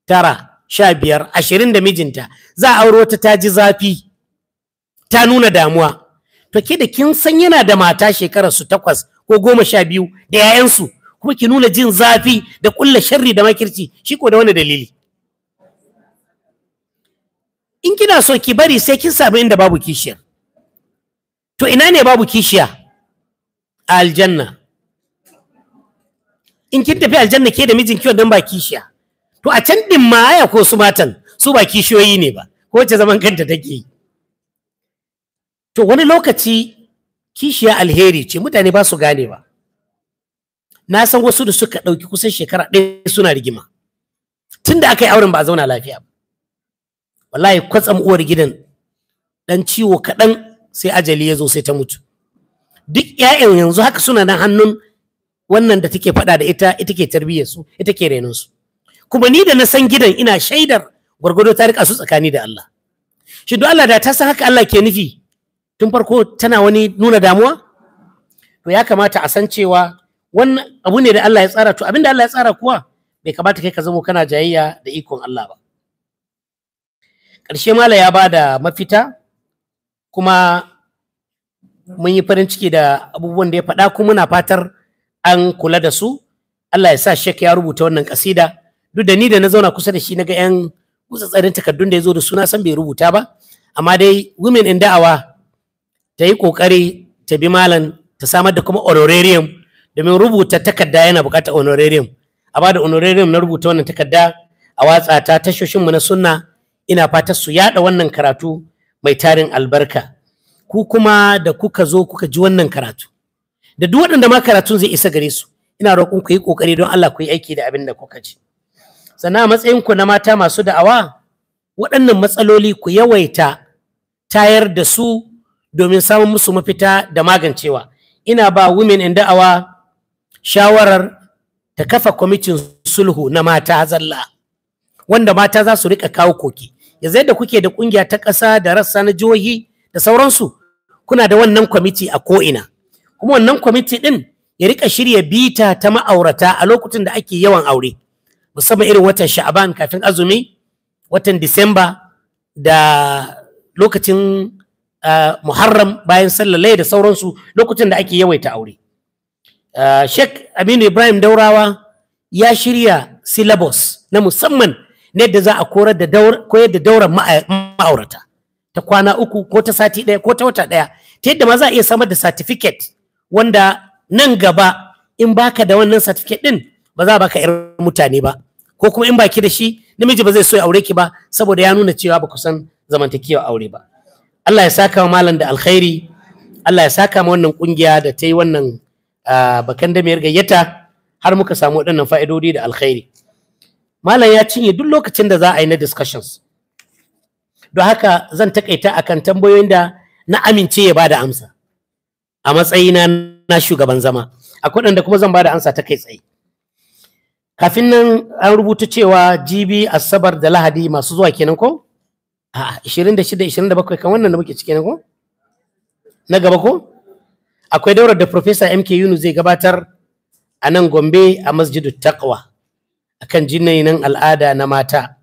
tara sha biyar ashirin da mijinta za a auro ta taji ji zafi ta nuna damuwa to ke da kin san yana da mata shekara su takwas ko goma sha biyu da yayansu kuma ki nuna jin zafi da kulla sharri da makirci shi ko da wani dalili in kina so ki bari sai kin samu inda babu kishiya to ina ne babu kishiya a aljanna in kin tafi aljanna ke da mijin kiwon don ba kishiya to a can din ma aya ko su matan su ba kishiyoyi ne ba ko wace zaman kanta take yi to wani lokaci kishiya alheri ce mutane ba su gane ba na san wasu da suka ɗauki kusan shekara ɗaya suna rigima Tunda da aka yi auren ba zauna lafiya ba wallahi kwatsam uwar gidan ɗan ciwo kaɗan sai ajali ya zo sai ta mutu duk 'ya'yan yanzu haka suna nan hannun wannan da take faɗa da ita ita ke tarbiyyar su ita ke kuma ni da na san gidan ina shaidar gwargwado ta rika su tsakani da Allah shi don Allah da ta san haka Allah ke nufi tun farko tana wani nuna damuwa to ya kamata a san cewa wannan abu ne da Allah ya tsara to abinda Allah ya tsara kuwa bai kamata kai ka zama kana jayayya da ikon Allah ba ƙarshe mala ya bada mafita kuma mun yi farin ciki da abubuwan da ya faɗa kuma muna fatar an kula da su Allah ya sa shek ya rubuta wannan kasida duk da ni da na zauna kusa da shi na ga 'yan wutsa-tsarin takardun da ya zo da suna san bai rubuta ba amma dai women in da'awa ta yi kokari ta bi malam ta samar da kuma honorarium domin rubuta takarda yana bukatar honorarium a bada da honorarium na rubuta wannan takarda a watsa ta mu na sunna ina fatar su yada wannan karatu mai tarin albarka ku kuma da kuka zo kuka ji wannan karatu da duk waɗanda ma karatun zai isa gare su ina roƙon ku yi ƙoƙari don Allah ku yi aiki da abin da kuka ji Sana a matsayinku na mata masu da'awa waɗannan matsaloli ku yawaita tayar da su domin samun musu mafita da magancewa ina ba women in da'awa shawarar ta kafa kwamitin sulhu na mata zalla wanda mata za su rika kawo koki yanzu yadda kuke da kungiya ta ƙasa da rassa na jihohi da sauransu kuna da wannan kwamiti a ko'ina kuma wannan kwamiti ɗin ya rika shirya bita ta ma'aurata a lokacin da ake yawan aure musamman irin watan sha'aban kafin azumi watan disamba da lokacin eh, muharram bayan sallalai da sauransu lokacin da ake yawaita aure eh, sheikh aminu ibrahim daurawa ya shirya syllabus na musamman na yadda za a koyar da dauran ma'aurata ta kwana uku ko ta sati ɗaya ko ta wata ɗaya ta yadda ma za a iya samar da satifiket, wanda nan gaba in baka da wannan satifiket din ba za a baka 'yar mutane ba ko kuma in baki da shi namiji ba zai so ya aure ki ba saboda ya nuna cewa ba ku san zamantakewa aure ba Allah ya saka wa malam da alkhairi Allah ya saka ma wannan kungiya da ta yi wannan bakan da mayar gayyata har muka samu waɗannan fa'idodi da alkhairi malam ya cinye duk lokacin da za a yi na discussions don haka zan takaita akan tambayoyin da na amince ya bada amsa a matsayina na shugaban zama akwai waɗanda kuma zan bada amsa ta kai tsaye kafin nan an rubuta cewa jibi asabar da lahadi masu zuwa kenan ko a 26 27 kan wannan da muke cike ne ko na gaba ko akwai daurar da professor mk yunus zai gabatar a nan gombe a masjidu taqwa akan jinnayin al'ada na mata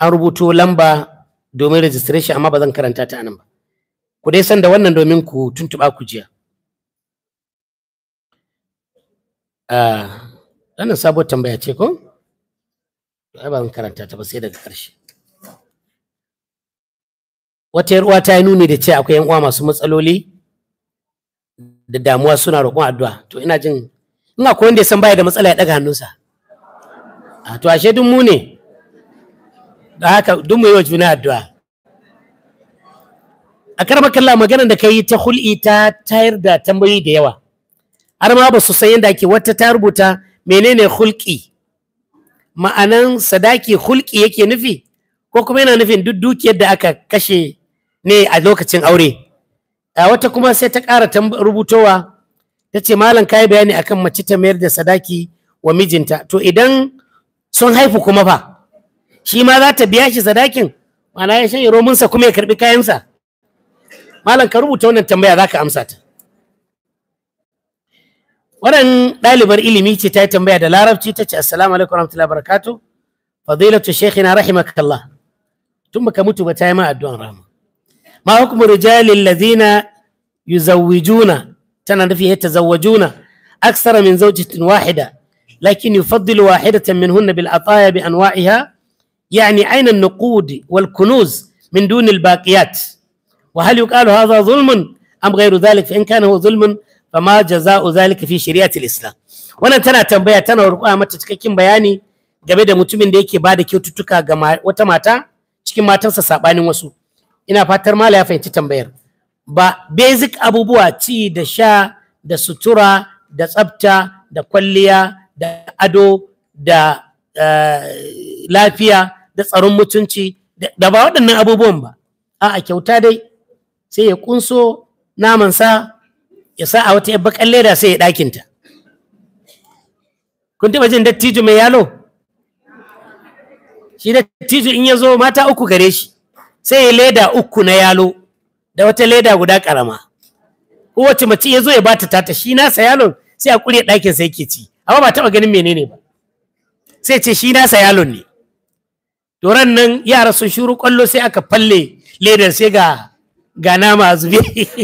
an rubuto lamba domin registration amma ba zan karanta ta anan ba ku dai san da wannan domin ku tuntuɓa ku jiya ah, wannan sabuwar tambaya ce ko ai ba mun karanta ta ba sai daga ƙarshe wata yarwa ta yi nuni da ce akwai yan uwa masu matsaloli da damuwa suna roƙon addu'a to ina jin ina ko wanda ya san baya da matsala ya daga hannunsa a to ashe duk mu ne da haka duk mu yi wa juna addu'a a karbar kalla maganar da kai ta hul'i ta tayar da tambayoyi da yawa har ma ba su san yadda ake wata ta rubuta menene hulki ma'anan sadaki hulki yake nufi ko kuma yana nufin duk dukiyar da aka kashe ne a lokacin aure a wata kuma sai ta ƙara rubutowa ta ce malam kayi bayani akan mace ta mayar da sadaki wa mijinta to idan sun haifu kuma fa shi ma za ta biya shi sadakin ma'ana ya shanye romunsa kuma ya karɓi kayansa malam ka rubuta wannan tambaya za ka amsa ta wannan ɗalibar ilimi ce ta yi tambaya da larabci ta ce assalamu alaikum warahmatullahi wabarakatuh fadilatu shaykhina rahimakallah tun baka mutu ba ta yi ma addu'an rahama ma hukumu rijalil ladina yuzawwijuna tana nufi ya tazawwajuna aksara min zawjatin wahida lakin yufaddilu wahidatan minhunna bil ataya bi anwa'iha يعني عين النقود والكنوز من دون الباقيات وهل يقال هذا ظلم أم غير ذلك فإن كان هو ظلم fama jaza'u zalika fi shari'atil islam wannan tana tambaya tana roƙa mata cikakken bayani game da mutumin da yake ba da kyaututtuka ga wata mata cikin matansa sabanin wasu ina fatar mala ya fahimci tambayar ba basic abubuwa ci da sha da sutura da tsafta da kwalliya da ado da eh, lafiya da tsaron mutunci da ba waɗannan abubuwan ba a'a kyauta dai sai ya kunso namansa ya sa a wata yabba leda sai ya ɗakinta kun taɓa jin dattijo mai yalo shi dattijo in ya zo mata uku gare shi sai ya leda uku na yalo da wata leda guda ƙarama kowace mace ya zo ya bata tata shi nasa yalon sai a kure ɗakin sai ke ci amma ba taɓa ganin menene ba sai ce shi nasa yalon ne doron nan yara sun shuru kwallo sai aka falle ledar sai ga ga nama zube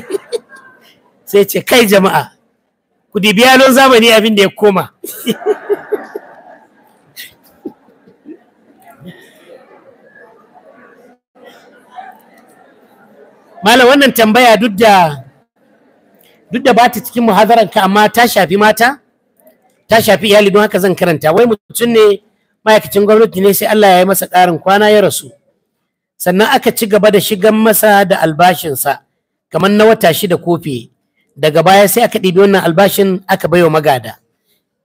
sai ce kai jama'a ku biya don zamani abin da ya koma malam wannan tambaya duk da duk da bata cikin muhazaranka amma ta shafi mata ta shafi iyali don haka zan karanta wai mutum ne ma'aikacin gwamnati ne sai Allah ya yi masa ƙarin kwana ya rasu sannan aka ci gaba da shigan masa da albashinsa kamar na wata shida kofi daga baya sai aka ɗibi wannan albashin aka baiwa magada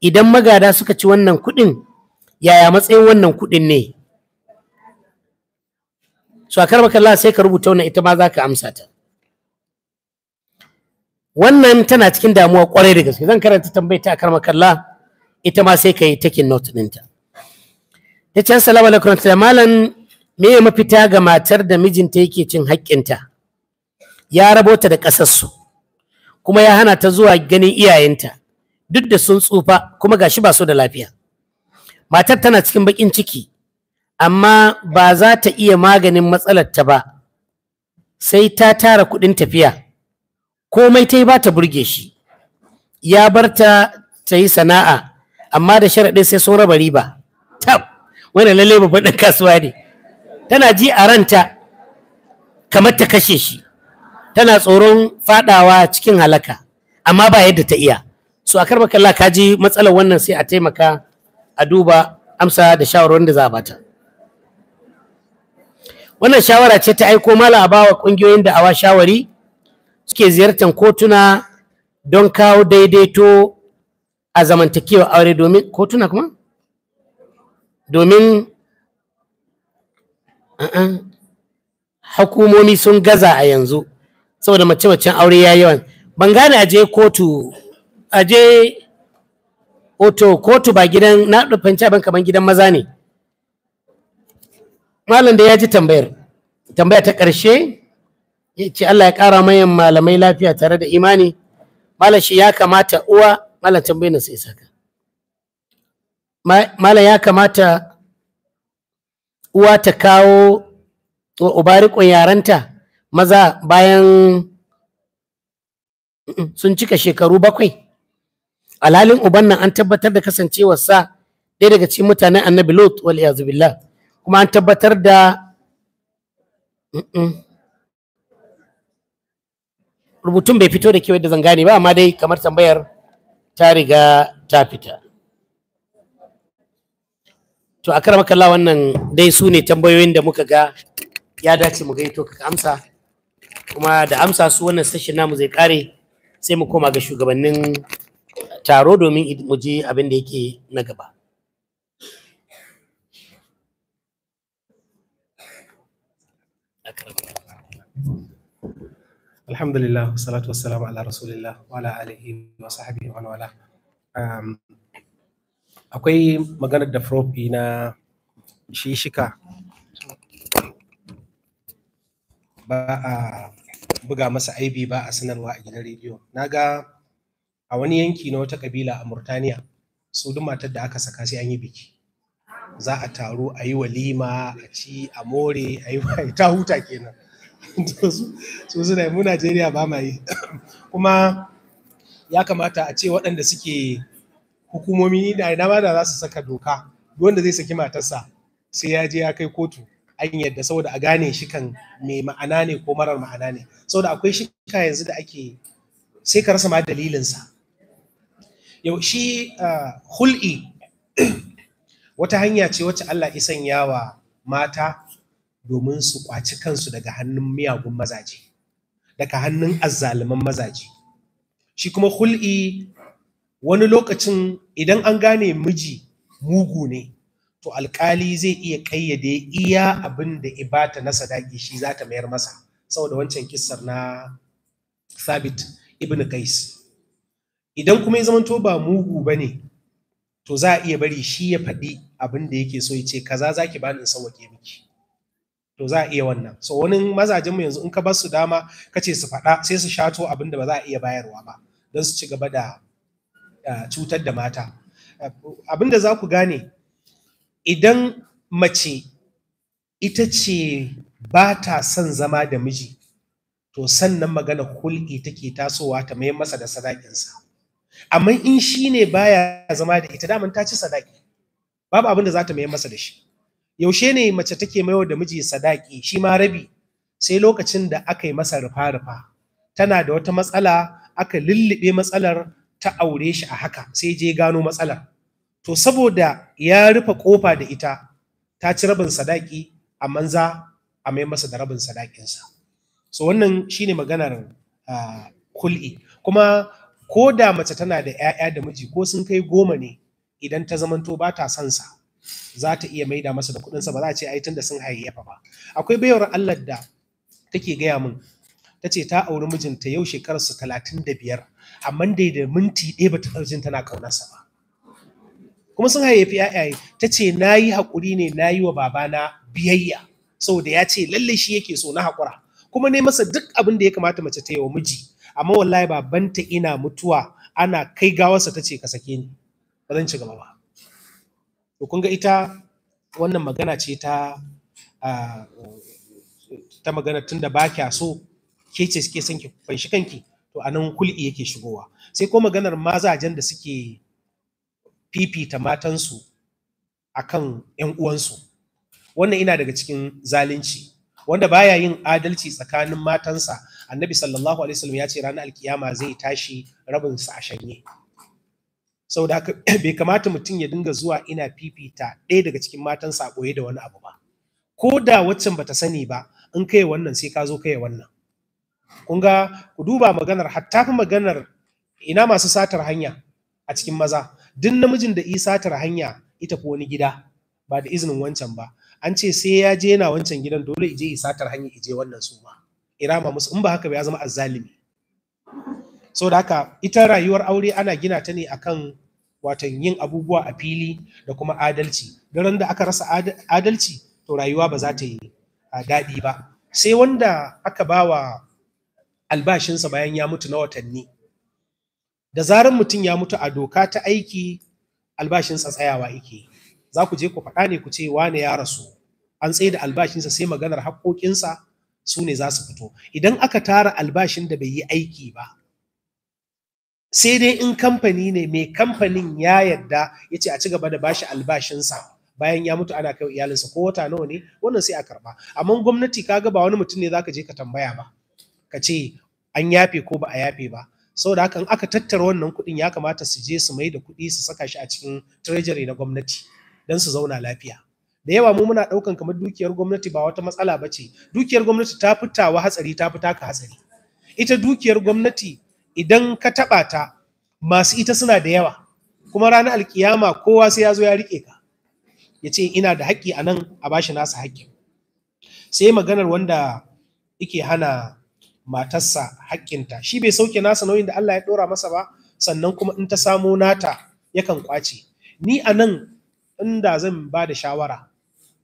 idan magada suka ci wannan kuɗin yaya matsayin wannan kuɗin ne Su a kalla sai ka rubuta wannan ita ma za ka amsa ta wannan tana cikin damuwa kwarai da gaske zan karanta tambayta a karmakalla ita ma sai ka yi takin note ɗinta ta ce assalamu alaikum ta malam me mafita ga matar da mijinta yake cin haƙƙinta ya rabota da ƙasarsu kuma ya hana ta zuwa ganin iyayenta duk da sun tsufa kuma gashi ba su da lafiya matar tana cikin baƙin ciki amma ba za ta iya maganin matsalar ta ba sai ta tara kuɗin tafiya komai ta yi ba ta burge shi ya bar ta ta yi sana'a amma da sharaɗin sai sun raba riba tab wannan lalle babban kasuwa ne tana ji a ranta kamar ta kashe shi tana tsoron fadawa cikin halaka amma ba yadda ta iya so a karba kalla ka ji matsalar wannan sai a taimaka a duba amsa da shawarwarin da za a bata wannan shawara ce ta aiko mala a bawa kungiyoyin da awa shawari suke ziyartar kotuna don kawo daidaito a zamantakewa aure domin kotuna kuma domin uh-uh, hukumomi sun gaza a yanzu saboda mace-macen aure ya yawan ban gane aje kotu aje oto kotu ba gidan na fahimci abin kamar gidan maza ne malam da ya ji tambayar tambaya ta ƙarshe ya ce Allah ya ƙara mayan malamai lafiya tare da imani malam shi ya kamata uwa malam tambayin sai saka malam ya kamata uwa ta kawo wa ubarikon yaranta maza bayan sun cika shekaru bakwai alhalin uban nan an tabbatar da sa ɗaya daga cikin mutanen annabi lot wal billah kuma an tabbatar da rubutun bai fito da kewa da zan gane ba amma dai kamar tambayar ta riga ta fita to a karamakalla wannan dai sune tambayoyin da muka ga ya dace mu gaito ka amsa kuma da amsa su wannan session namu zai kare sai mu koma ga shugabannin taro domin mu ji abin da yake na gaba alhamdulillah salatu wassalamu ala rasulillah wa ala alihi wa sahbihi wa wala akwai magana da profi na shishika ba a buga masa aibi ba a sanarwa a gidan rediyo na ga a wani yanki na wata kabila a murtaniya su duk matar da aka saka sai an yi biki za a taru a yi walima a ci a more a yi ta huta kenan su suna mu najeriya ba ma yi kuma ya kamata a ce waɗanda suke hukumomi da ina ma da za su saka doka wanda zai saki matarsa sai ya je ya kai kotu an yadda saboda a gane shi kan mai ma'ana ne ko marar ma'ana ne saboda akwai shi yanzu da ake sai ka rasa ma dalilinsa yau shi hul'i wata hanya ce wacce Allah ya sanya wa mata domin su kwaci kansu daga hannun miyagun mazaje daga hannun azzaluman mazaje shi kuma hul'i wani lokacin idan an gane miji mugu ne to alkali zai iya kayyade iya abin da ibata na sadaki shi za ta mayar masa saboda wancan kissar na sabit, ibn Qais idan kuma ya zamanto ba mugu bane to za a iya bari shi ya faɗi abin da yake so ya ce kaza zaki bani in sauwake miki to za a iya wannan so wani mazajen mu yanzu in ka bar su dama ka ce su faɗa sai su shato abin da ba za a iya bayarwa ba don su ci gaba da eh, cutar da mata abin da za ku gane idan mace ita ce ba ta son zama da miji to sannan magana hulki take tasowa ta mai masa da sadakinsa amma in shi ne baya zama da ita daman ta ci sadaki babu abin da za ta mai masa da shi yaushe ne mace take maiwa da miji sadaki shi ma rabi sai lokacin da aka yi masa rufa-rufa tana da wata matsala aka lullube matsalar ta aure shi a haka sai je gano matsalar to saboda ya rufe kofa da ita ta ci rabin sadaki a manza a mai masa da rabin sadakinsa so wannan shine maganar kul'i kuma ko da mace tana da 'ya'ya da miji ko sun kai goma ne idan ta zamanto ba ta son sa za ta iya maida masa da kuɗinsa ba za a ce ai tunda sun hayayyafa ba akwai bayar Allah da take gaya min ta ce ta auri mijinta yau shekararsa talatin da biyar amma dai da minti ɗaya ba ta jin tana ƙaunarsa ba kuma sun haifi yayaye ta ce na yi haƙuri ne na yi wa babana biyayya saboda ya ce lallai shi yake so na haƙura kuma ne masa duk abin da ya kamata mace ta yi wa miji amma wallahi babanta ina mutuwa ana kai gawarsa ta ce ka sake ni ba zan ci gaba ba to kun ga ita wannan magana ce ta ta magana tunda ba kya so ke ce suke son ki fanshi kanki to anan kul'i yake shigowa sai ko maganar mazajen da suke fifita matansu akan ‘yan uwansu wannan ina daga cikin zalunci wanda baya yin adalci tsakanin matansa annabi sallallahu alaihi wasallam ya ce ranar alkiyama zai tashi rabin sa a shanye Sau da bai kamata mutum ya dinga zuwa ina fifita ɗaya daga cikin matansa a ɓoye da wani abu ba ko da waccan bata sani ba in kai wannan sai ka zo kai wannan kun ga ku duba maganar hatta maganar ina masu satar hanya a cikin maza duk namijin da isa tara hanya ita ko wani gida ba da izinin wancan ba an ce sai ya je yana wancan gidan dole ije isa tara hanya ije wannan su ma irama musu in ba haka ba ya zama azzalimi so da haka ita rayuwar aure ana gina ta ne akan watan yin abubuwa a fili da kuma adalci daren da aka rasa adalci to rayuwa ba za ta yi daɗi ba sai wanda aka bawa albashinsa bayan ya mutu na watanni da zarar mutum ya mutu a doka ta aiki albashinsa tsayawa yake za ku je ku faɗa ne ku ce wane ya rasu an tsaye da albashinsa sai maganar haƙoƙinsa su ne za su fito idan aka tara albashin da bai yi aiki ba sai dai in kamfani ne mai kamfanin ya yadda ya ce a ci gaba da bashi albashinsa bayan ya mutu ana kai iyalinsa ko wata nawa ne wannan sai a karɓa. amma gwamnati kaga ba wani mutum ne za ka je ka tambaya ba ka ce an yafe ko ba a yafe ba saboda haka in aka tattara wannan kuɗin ya kamata su je su mai da kuɗi su saka shi a cikin treasury na gwamnati don su zauna lafiya da yawa mu muna ɗaukan kamar dukiyar gwamnati ba wata matsala ba ce dukiyar gwamnati ta fitawa hatsari ta fita ka hatsari ita dukiyar gwamnati idan ka taɓa ta masu ita suna da yawa kuma ranar alkiyama kowa sai ya zo ya riƙe ka ya ce ina da haƙƙi a nan a bashi nasa haƙƙin sai maganar wanda yake hana matarsa haƙƙinta shi bai sauke nasa nauyin da Allah ya ɗora masa ba sannan kuma in ta samo nata yakan kwace ni a nan inda zan ba da shawara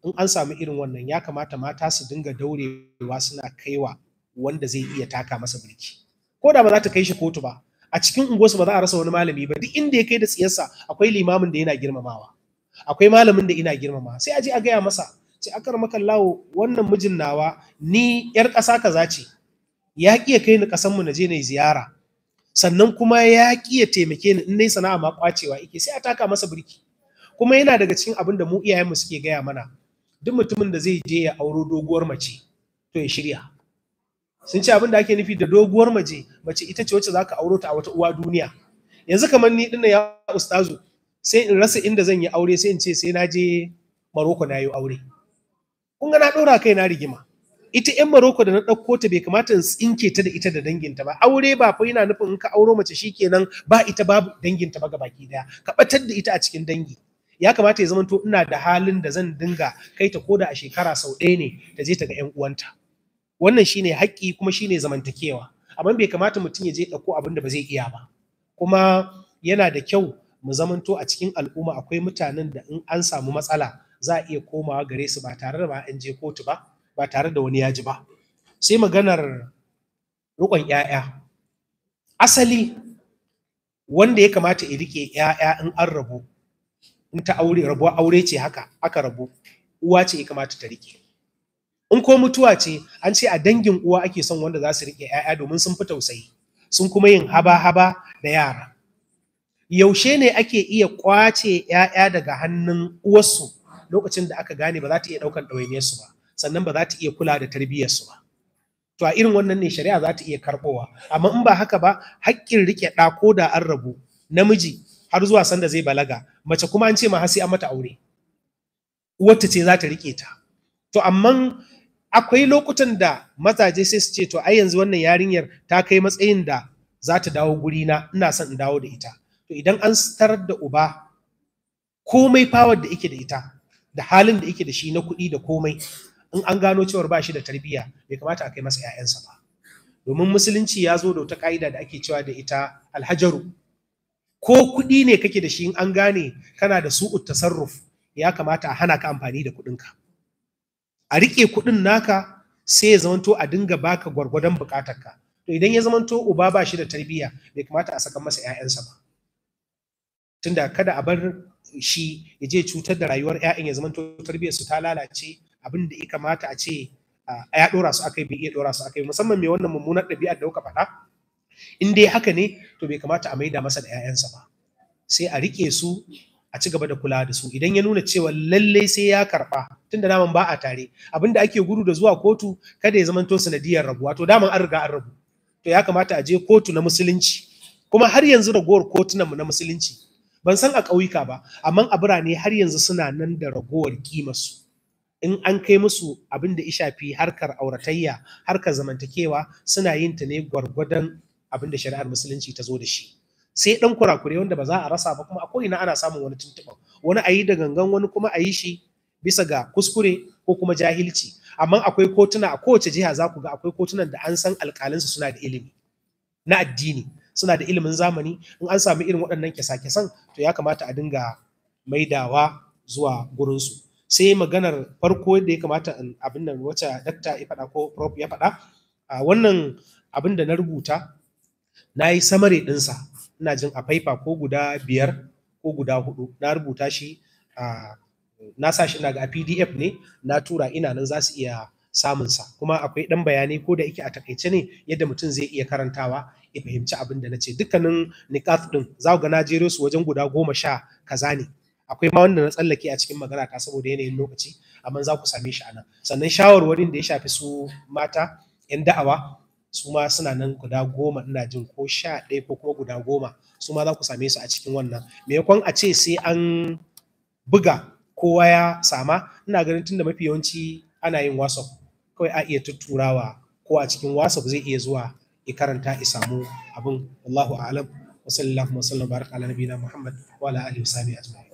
in an samu irin wannan ya kamata mata su dinga daurewa suna kaiwa wanda zai iya taka masa birki ko da ba za ta kai shi kotu ba a cikin unguwarsu ba za a rasa wani malami ba duk inda ya kai da tsiyarsa akwai limamin da yana girmamawa akwai malamin da ina girmama sai a je a gaya masa sai akar makallawo wannan mijin nawa ni yar ƙasa kaza ce ya ƙi ya kai ni mu na je na ziyara sannan kuma ya ƙi ya taimake ni in dai sana'a ma kwacewa yake sai a taka masa birki kuma yana daga cikin abin da mu iyayenmu suke gaya mana duk mutumin da zai je ya auro doguwar mace to ya shirya sun ce abin da ake nufi da doguwar mace mace ita ce wacce zaka auro ta a wata uwa duniya yanzu kamar ni dinnan ya ustazu sai in rasa inda zan yi aure sai in ce sai na je Maroko na yi aure kun ga na ɗora kai na rigima ita yan Maroko da na ɗauko ta bai kamata in tsinke ta da ita da danginta ba aure ba fa yana nufin in ka auro mace shikenan ba ita babu danginta ba gabaki daya ka ɓatar da ita a cikin dangi ya kamata ya zamanto ina da halin da zan dinga kai ta koda a shekara sau ɗaya ne ta je ta ga yan uwanta wannan shine haƙƙi kuma shine zamantakewa amma bai kamata mutum ya je ɗauko abin da ba zai iya ba kuma yana da kyau mu zamanto a cikin al'umma akwai mutanen da in an samu matsala za a iya komawa gare su ba tare da ba an je kotu ba ba tare da wani ya ba sai maganar rikon 'ya'ya asali wanda ya kamata ya rike 'ya'ya in an rabu in ta aure rabuwa aure ce haka aka rabu uwa ce ya kamata ta rike in ko mutuwa ce an ce a dangin uwa ake son wanda za su rike 'ya'ya domin sun fi tausayi sun kuma yin haba-haba da yara yaushe ne ake iya kwace 'ya'ya daga hannun uwarsu lokacin da aka gane ba za ta iya ɗaukan ɗawainiyarsu ba sannan ba za ta iya kula da tarbiyyarsu ba to a irin wannan ne shari'a za ta iya karbowa amma in ba haka ba haƙƙin riƙe ɗa ko da an rabu namiji har zuwa sanda zai balaga mace kuma an ce ma har sai an mata aure wata ce za ta riƙe ta to amma akwai lokutan da mazaje sai su ce to ai yanzu wannan yarinyar ta kai matsayin da za ta dawo guri na. ina son in dawo da ita to idan an tarar da uba komai fawar da ike da ita da halin da ike da shi na kuɗi da komai in an gano cewar ba shi da tarbiyya bai kamata a kai masa 'ya'yansa ba domin musulunci ya zo da wata ka'ida da ake cewa da ita alhajaru ko kuɗi ne kake da shi in an gane kana da su'ut tasarruf ya kamata a hana ka amfani da kuɗinka a riƙe kuɗin naka sai ya zamanto a dinga baka gwargwadon buƙatarka to idan ya zamanto uba ba shi da tarbiyya bai kamata a saka masa 'ya'yansa ba tunda kada a bar shi ya je cutar da rayuwar 'ya'yan ya zamanto tarbiyyar su ta lalace abin da ya kamata a ce a ya ɗora su yi bai iya ɗora su akai musamman mai wannan mummunar ɗabi'ar da kuka faɗa in dai haka ne to bai kamata a maida masa da 'ya'yansa ba sai a rike su a ci gaba da kula da su idan ya nuna cewa lallai sai ya karba da naman ba a tare abin da ake gudu da zuwa kotu kada ya zamanto sanadiyar rabuwa to daman an riga an rabu to ya kamata a je kotu na musulunci kuma har yanzu ragowar kotunan mu na musulunci ban san a ƙauyuka ba amma a birane har yanzu suna nan da ragowar kimarsu in an kai musu abin da ishafi harkar auratayya harkar zamantakewa suna yin ta ne gwargwadon abin da shari'ar musulunci ta zo da shi sai dan kurakure wanda ba za a rasa ba kuma a ko'ina ana samun wani tuntuɓa wani a yi da gangan wani kuma a yi shi bisa ga kuskure ko kuma jahilci amma akwai kotuna a kowace jiha za ku ga akwai kotunan da an san alƙalinsu suna da ilimi na addini suna da ilimin zamani in an samu irin waɗannan kyasa-kyasan to ya kamata a dinga maidawa zuwa gurinsu sai maganar farko da ya kamata abin nan wacce dakta ya faɗa ko prof ya faɗa a wannan abin da na rubuta na yi samare ɗinsa ina jin a faifa ko guda biyar ko guda hudu na rubuta shi a na sa shi ga pdf ne na tura ina nan za su iya samun sa kuma akwai ɗan bayani ko da yake a takaice ne yadda mutum zai iya karantawa ya fahimci abin da na ce dukkanin nikaf din za ga na jero su wajen guda goma sha kaza ne akwai ma wanda na tsallake a cikin magana ta saboda yanayin lokaci amma za ku same shi anan sannan shawarwarin da ya shafi su mata yan da'awa su ma suna nan guda goma ina jin ko sha ɗaya ko kuma guda goma su ma za ku same su a cikin wannan maimakon a ce sai an buga kowa ya sama ina ganin tunda mafi yawanci ana yin wasof kawai a iya tutturawa ko a cikin wasof zai iya zuwa ya karanta ya samu abin wallahu a'lam wa sallallahu wa sallam baraka ala nabiyina muhammad wa ala alihi wa sahbihi ajma'in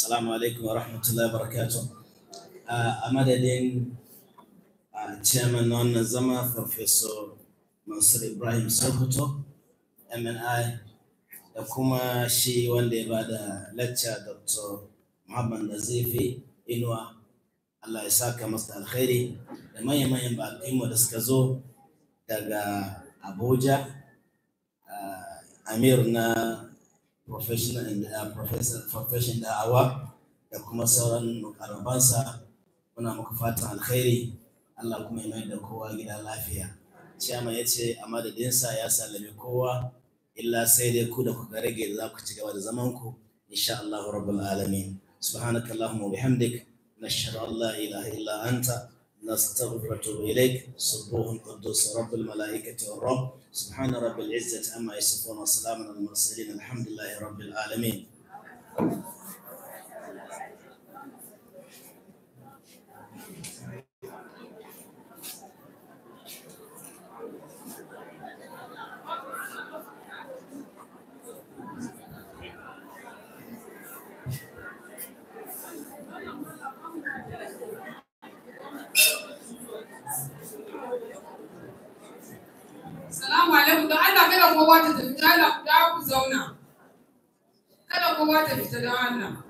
Assalamu alaikum wa rahmatullahi wa barakatuh. Uh, a madadin uh, chairman na wannan zama Professor Mansur Ibrahim Sokoto, MNI, da kuma shi wanda ya bada lacca Dr. Muhammad Nazifi Inuwa, Allah ya saka masa alkhairi da manya-manyan bakinmu da suka zo daga Abuja, uh, Amir na professional uh, professor profession da'awa da kuma sauran mukarabansa muna muku fatan alkhairi Allah kuma ya da kowa gida lafiya ciyama ya ce a madadinsa ya sallame kowa illa sai dai ku da kuka rage za ku ci gaba da zaman ku insha Allah rabbul alamin subhanakallahumma wa bihamdik nashhadu an la ilaha illa anta نستغفرك إليك سبوح القدوس رب الملائكة والرب سبحان رب العزة أما يصفون وسلام على المرسلين الحمد لله رب العالمين kowa ta tafi da Allah ku dawo ku zauna kada kowa ta fita da Allah